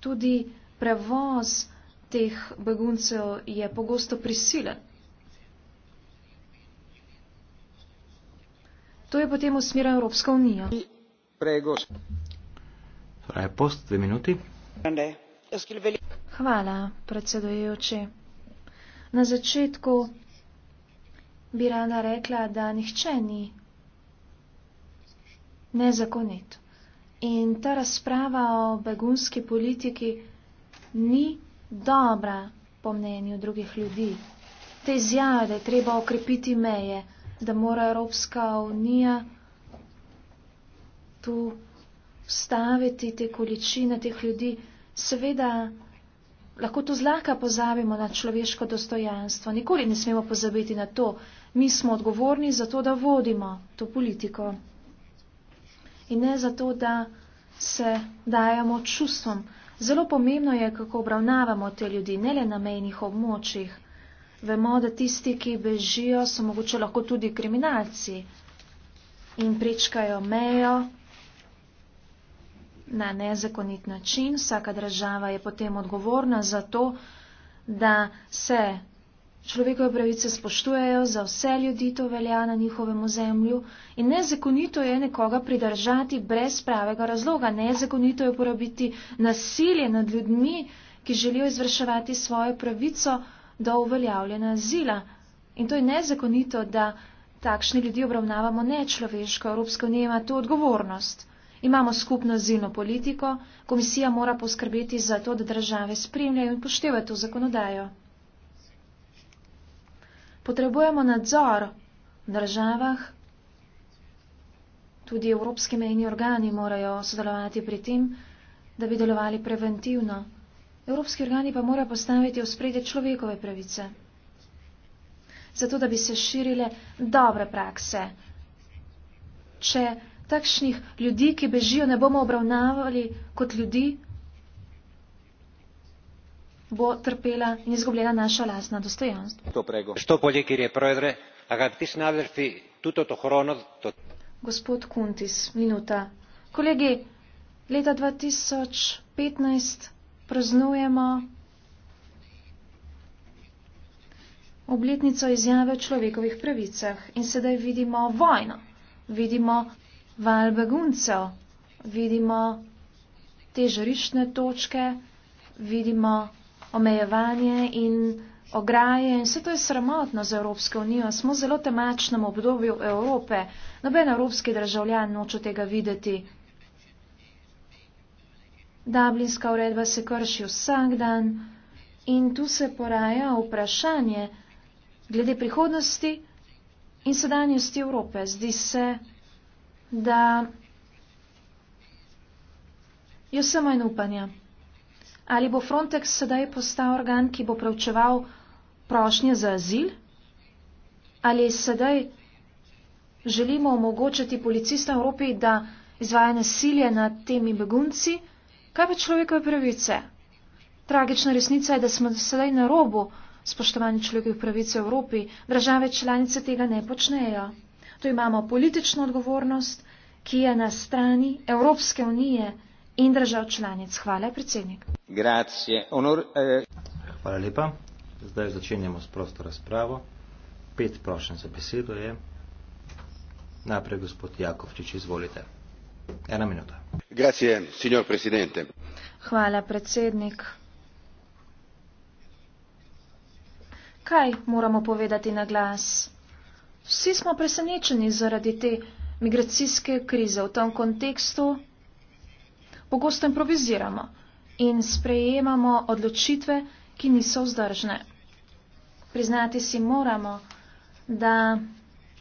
Speaker 7: Tudi prevoz, teh beguncev je pogosto prisilen. To je potem usmer Evropska unija.
Speaker 6: Torej,
Speaker 4: post,
Speaker 7: Hvala, predsedujoči. Na začetku bi rada rekla, da nihče ni nezakonit. In ta razprava o begunski politiki ni dobra po mnenju drugih ljudi. Te izjave, da je treba okrepiti meje, da mora Evropska unija tu staviti te količine teh ljudi, seveda lahko tu zlaka pozabimo na človeško dostojanstvo. Nikoli ne smemo pozabiti na to. Mi smo odgovorni za to, da vodimo to politiko. In ne zato, da se dajemo čustvom. Zelo pomembno je, kako obravnavamo te ljudi, ne le na mejnih območjih. Vemo, da tisti, ki bežijo, so mogoče lahko tudi kriminalci in prečkajo mejo na nezakonit način. Vsaka država je potem odgovorna za to, da se Človekove pravice spoštujejo za vse ljudi, to velja na njihovem ozemlju in nezakonito je nekoga pridržati brez pravega razloga, nezakonito je uporabiti nasilje nad ljudmi, ki želijo izvrševati svojo pravico do uveljavljena zila. In to je nezakonito, da takšni ljudi obravnavamo nečloveško. Evropska unija ima to odgovornost. Imamo skupno zilno politiko, komisija mora poskrbeti za to, da države spremljajo in poštevajo to zakonodajo potrebujemo nadzor v državah, tudi evropski mejni organi morajo sodelovati pri tem, da bi delovali preventivno. Evropski organi pa morajo postaviti v spredje človekove pravice, zato da bi se širile dobre prakse. Če takšnih ljudi, ki bežijo, ne bomo obravnavali kot ljudi, bo trpela in izgubljena naša lastna dostojanstva. gospod kuntis minuta kolegi leta dva tisoč petnajst praznujemo obletnico izjave o človekovih pravicah in sedaj vidimo vojno vidimo val beguncev vidimo te žariščne točke vidimo omejevanje in ograje in vse to je sramotno za Evropsko unijo. Smo v zelo temačnem obdobju Evrope. Noben evropski državljan noče tega videti. Dublinska uredba se krši vsak dan in tu se poraja vprašanje glede prihodnosti in sedanjosti Evrope. Zdi se, da jo samo en upanja. Ali bo Frontex sedaj postal organ, ki bo pravčeval prošnje za azil? Ali sedaj želimo omogočiti policistom Evropi, da izvaja nasilje nad temi begunci? Kaj pa človekove pravice? Tragična resnica je, da smo sedaj na robu spoštovanja človekovih pravic v Evropi. Države članice tega ne počnejo. Tu imamo politično odgovornost, ki je na strani Evropske unije in držav članic. Hvala, predsednik.
Speaker 4: Eh, Hvala lepa. Zdaj začenjamo s prosto razpravo. Pet prošen za besedo je. Najprej gospod Jakovčič, izvolite. Ena minuta.
Speaker 6: Grazie, signor presidente.
Speaker 7: Hvala, predsednik. Kaj moramo povedati na glas? Vsi smo presenečeni zaradi te migracijske krize. V tem kontekstu pogosto improviziramo in sprejemamo odločitve, ki niso vzdržne. Priznati si moramo, da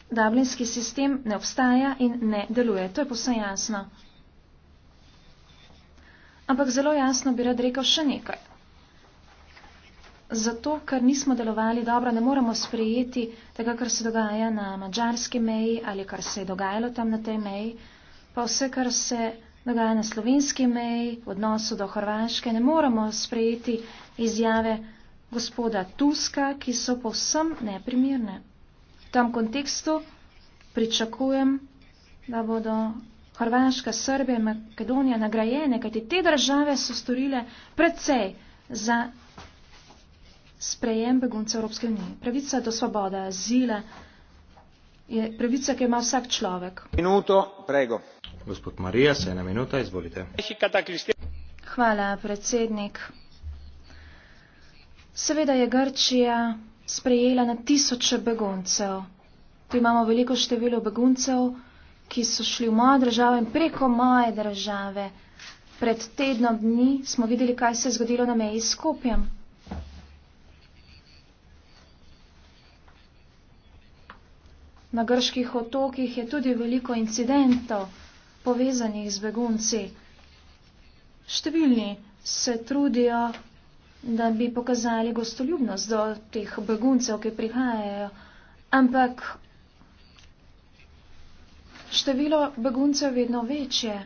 Speaker 7: dublinski sistem ne obstaja in ne deluje. To je posebej jasno. Ampak zelo jasno bi rad rekel še nekaj. Zato, ker nismo delovali dobro, ne moremo sprejeti tega, kar se dogaja na mačarski meji ali kar se je dogajalo tam na tej meji, pa vse, kar se dogaja na slovenski meji, v odnosu do Hrvaške, ne moremo sprejeti izjave gospoda Tuska, ki so povsem neprimirne. V tem kontekstu pričakujem, da bodo Hrvaška, Srbija in Makedonija nagrajene, kajti te države so storile precej za sprejem beguncev Evropske unije. Pravica do svobode, azila je pravica, ki ima vsak človek.
Speaker 4: Minuto, prego.
Speaker 7: Hvala, predsednik. Seveda je Grčija sprejela na tisoče beguncev. Tu imamo veliko število beguncev, ki so šli v mojo državo in preko moje države. Pred tednom dni smo videli, kaj se je zgodilo na meji s Kopjem. Na grških otokih je tudi veliko incidentov povezanih z begunci. Številni se trudijo, da bi pokazali gostoljubnost do teh beguncev, ki prihajajo, ampak število beguncev je vedno večje,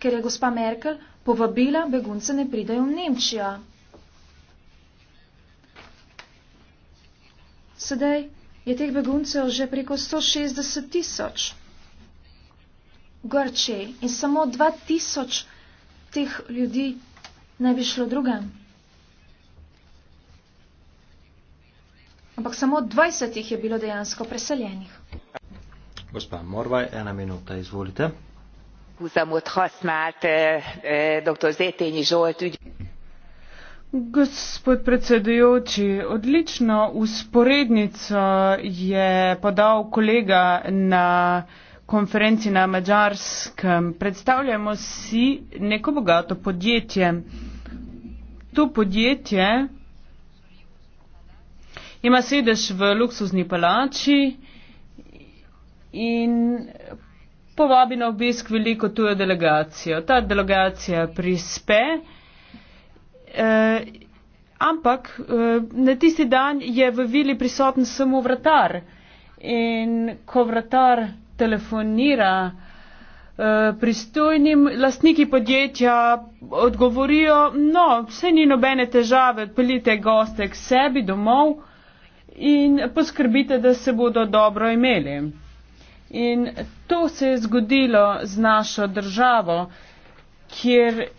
Speaker 7: ker je gospa Merkel povabila, begunce ne pridajo v Nemčijo. Sedaj je teh beguncev že preko 160 tisoč. Grčiji in samo 2000 teh ljudi naj bi šlo drugam. Ampak samo 20 jih je bilo dejansko preseljenih.
Speaker 4: Gospa Morvaj, ena minuta, izvolite.
Speaker 7: Húzamot használt eh, eh, dr. Zétényi Zsolt ügy.
Speaker 5: Gospod predsedujoči, odlično usporednico je podal kolega na eh, konferenci na Mađarskem. Predstavljamo si neko bogato podjetje. To podjetje ima sedež v luksuzni palači in povabi na obisk veliko tujo delegacijo. Ta delegacija prispe, eh, ampak eh, na tisti dan je v vili prisoten samo vratar. In ko vratar telefonira, eh, pristojnim lastniki podjetja odgovorijo, no, vse ni nobene težave, odpeljite goste k sebi domov in poskrbite, da se bodo dobro imeli. In to se je zgodilo z našo državo, kjer eh,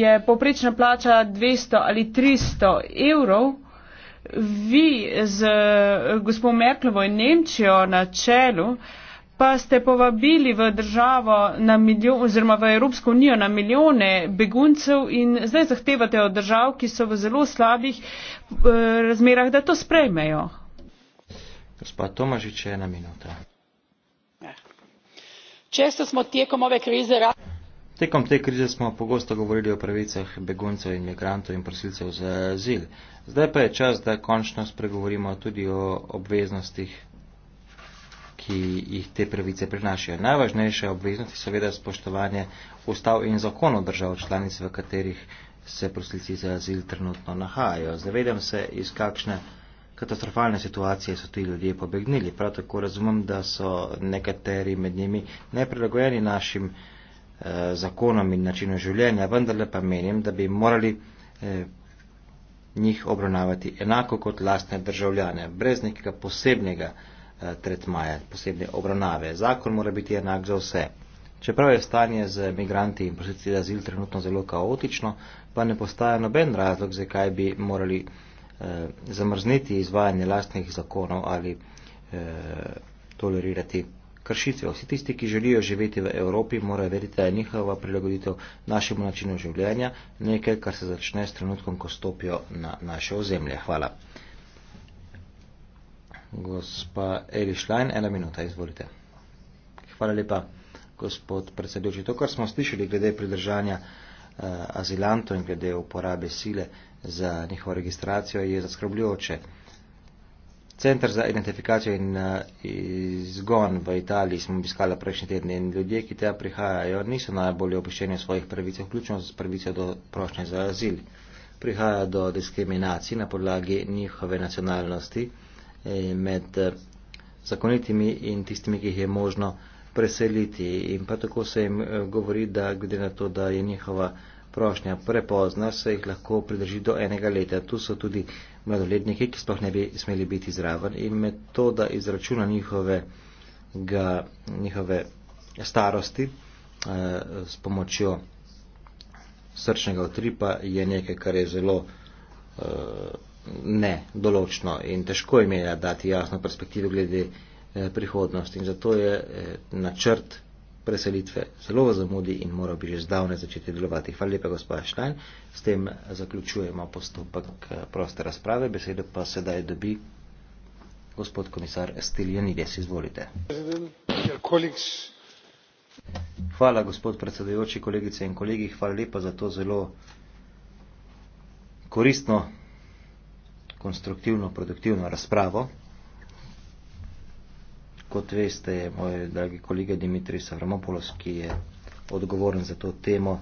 Speaker 5: je poprečna plača 200 ali 300 evrov. Vi z eh, gospod Merklovo in Nemčijo na čelu uh, pa ste povabili v državo na milijon oziroma v Evropsko unijo na milijone beguncev in zdaj zahtevate od držav, ki so v zelo slabih eh, razmerah, da to sprejmejo.
Speaker 4: Gospod Tomažič, ena minuta.
Speaker 5: Ja. Često smo tekom ove krize.
Speaker 4: Tekom te krize smo pogosto govorili o pravicah beguncev in migrantov in prosilcev za azil. Zdaj pa je čas, da končno spregovorimo tudi o obveznostih ki jih te pravice prinašajo. Najvažnejša obveznost je seveda spoštovanje ustav in zakonov držav članic, v katerih se prosilci za azil trenutno nahajajo. Zavedam se, iz kakšne katastrofalne situacije so ti ljudje pobegnili. Prav tako razumem, da so nekateri med njimi neprilagojeni našim eh, zakonom in načinu življenja, vendarle pa menim, da bi morali eh, njih obravnavati enako kot lastne državljane, brez nekega posebnega Eh, tretmaje, posebne obravnave. Zakon mora biti enak za vse. Čeprav je stanje z migranti in prosilci za azil trenutno zelo kaotično, pa ne postaja noben razlog, zakaj bi morali eh, zamrzniti izvajanje lastnih zakonov ali eh, tolerirati kršitve. Vsi tisti, ki želijo živeti v Evropi, morajo vedeti, da je njihova prilagoditev našemu načinu življenja nekaj, kar se začne s trenutkom, ko stopijo na naše ozemlje. Hvala. Gospa Eli Šlajn, ena minuta, izvolite. Hvala lepa, gospod predsedujoči. To, kar smo slišali glede pridržanja uh, azilantov in glede uporabe sile za njihovo registracijo, je zaskrbljujoče. Centr za identifikacijo in uh, izgon v Italiji smo obiskali prejšnji teden in ljudje, ki tega prihajajo, niso najbolje obiščeni v svojih pravicah, vključno s pravico do prošnje za azil. Prihaja do diskriminacij na podlagi njihove nacionalnosti. Eh, med eh, zakonitimi in tistimi, ki jih je možno preseliti. In pa tako se jim eh, govori, da glede na to, da je njihova prošnja prepozna, se jih lahko pridrži do enega leta. Tu so tudi mladoletniki, ki sploh ne bi smeli biti zraven. In metoda izračuna njihove, ga, njihove starosti eh, s pomočjo srčnega utripa je nekaj, kar je zelo. Eh, ne določno in težko imela dati jasno perspektivo glede eh, prihodnosti. In zato je eh, načrt preselitve zelo v zamudi in moral bi že zdavne začeti delovati. Hvala lepa, gospod Štajn. S tem zaključujemo postopek eh, proste razprave. Besedo pa sedaj dobi gospod komisar Stiljanides. Izvolite. Hvala, gospod predsedujoči, kolegice in kolegi. Hvala lepa za to zelo koristno konstruktivno, produktivno razpravo. Kot veste, je moj dragi kolega Dimitri Savramopoulos, ki je odgovoren za to temo,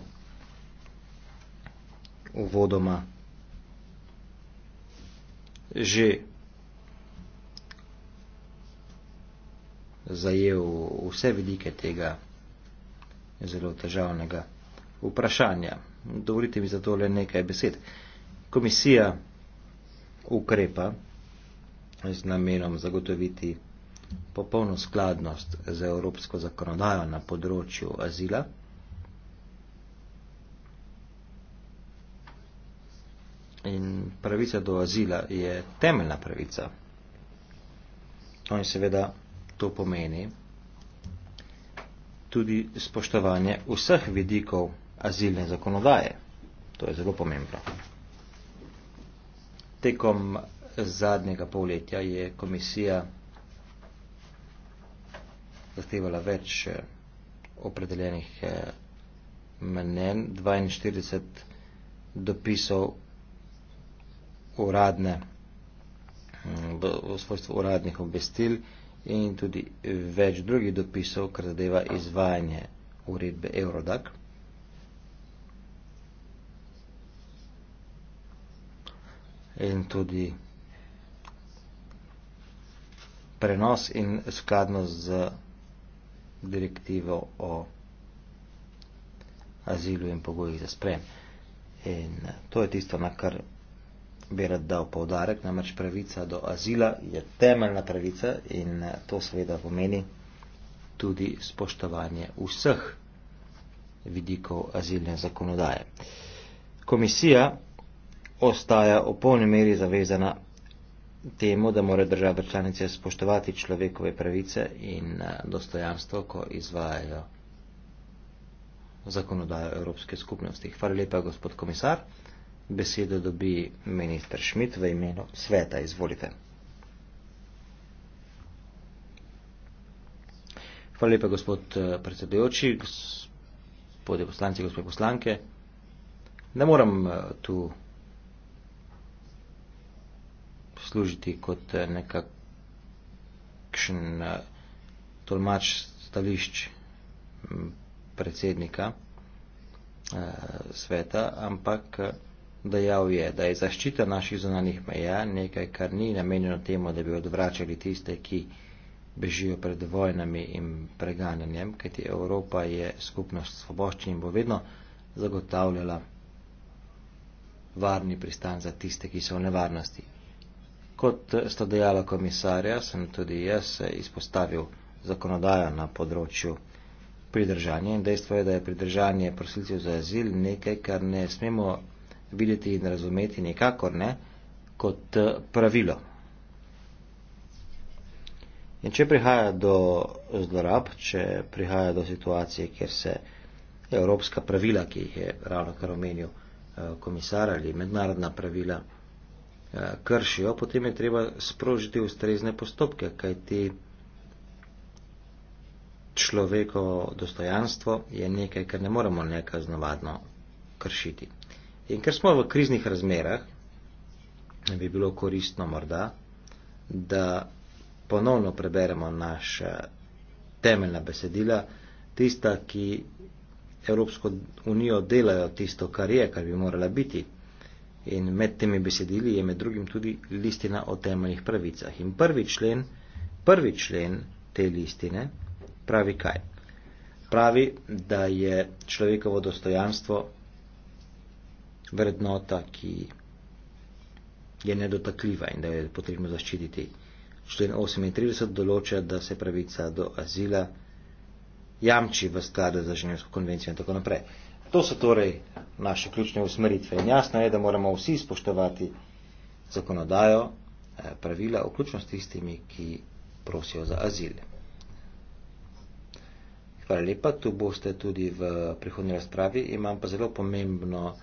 Speaker 4: uvodoma že zajel vse vidike tega zelo težavnega vprašanja. Dovolite mi za to le nekaj besed. Komisija ukrepa z namenom zagotoviti popolno skladnost z evropsko zakonodajo na področju azila. In pravica do azila je temeljna pravica. No in seveda to pomeni tudi spoštovanje vseh vidikov azilne zakonodaje. To je zelo pomembno. Tekom zadnjega polletja je komisija zahtevala več eh, opredeljenih eh, mnen, 42 dopisov uradne, mm, v svojstvu uradnih obvestil in tudi več drugih dopisov, kar zadeva izvajanje uredbe Eurodac. in tudi prenos in skladno z direktivo o azilu in pogojih za sprem. In eh, to je tisto, na kar bi rad dal povdarek, namreč pravica do azila je temeljna pravica in eh, to seveda pomeni tudi spoštovanje vseh vidikov azilne zakonodaje. Komisija ostaja v polni meri zavezana temu, da mora države članice spoštovati človekove pravice in eh, dostojanstvo, ko izvajajo zakonodajo Evropske skupnosti. Hvala lepa, gospod komisar. Besedo dobi minister Šmit v imenu sveta. Izvolite. Hvala lepa, gospod eh, predsedujoči, gospodje poslanci, gospod poslanke. Ne moram eh, tu služiti kot eh, nekakšen eh, tolmač stališč mm, predsednika eh, sveta, ampak dejal je, da je zaščita naših zonanih meja nekaj, kar ni namenjeno temu, da bi odvračali tiste, ki bežijo pred vojnami in preganjanjem, kajti Evropa je skupnost svoboščin in bo vedno zagotavljala varni pristan za tiste, ki so v nevarnosti. Kot sta dejala komisarja, sem tudi jaz izpostavil zakonodajo na področju pridržanja in dejstvo je, da je pridržanje prosilcev za azil nekaj, kar ne smemo videti in razumeti nikakor ne kot eh, pravilo. In če prihaja do zlorab, če prihaja do situacije, kjer se evropska pravila, ki jih je ravno kar omenil eh, komisar ali mednarodna pravila, Eh, kršijo, potem je treba sprožiti ustrezne postopke, kajti človeko dostojanstvo je nekaj, kar ne moremo nekaj znavadno kršiti. In ker smo v kriznih razmerah, bi bilo koristno morda, da ponovno preberemo naša temeljna besedila, tista, ki Evropsko unijo delajo tisto, kar je, kar bi morala biti. In med temi besedili je med drugim tudi listina o temeljnih pravicah. In prvi člen, prvi člen te listine pravi kaj? Pravi, da je človekovo dostojanstvo vrednota, ki je nedotakljiva in da je potrebno zaščititi. Člen 38 določa, da se pravica do azila jamči v skladu za ženevsko konvencijo in tako naprej. To so torej naše ključne usmeritve. In jasno je, da moramo vsi spoštovati zakonodajo, eh, pravila, vključno s tistimi, ki prosijo za azil. Hvala lepa, tu boste tudi v prihodnji razpravi. Imam pa zelo pomembno.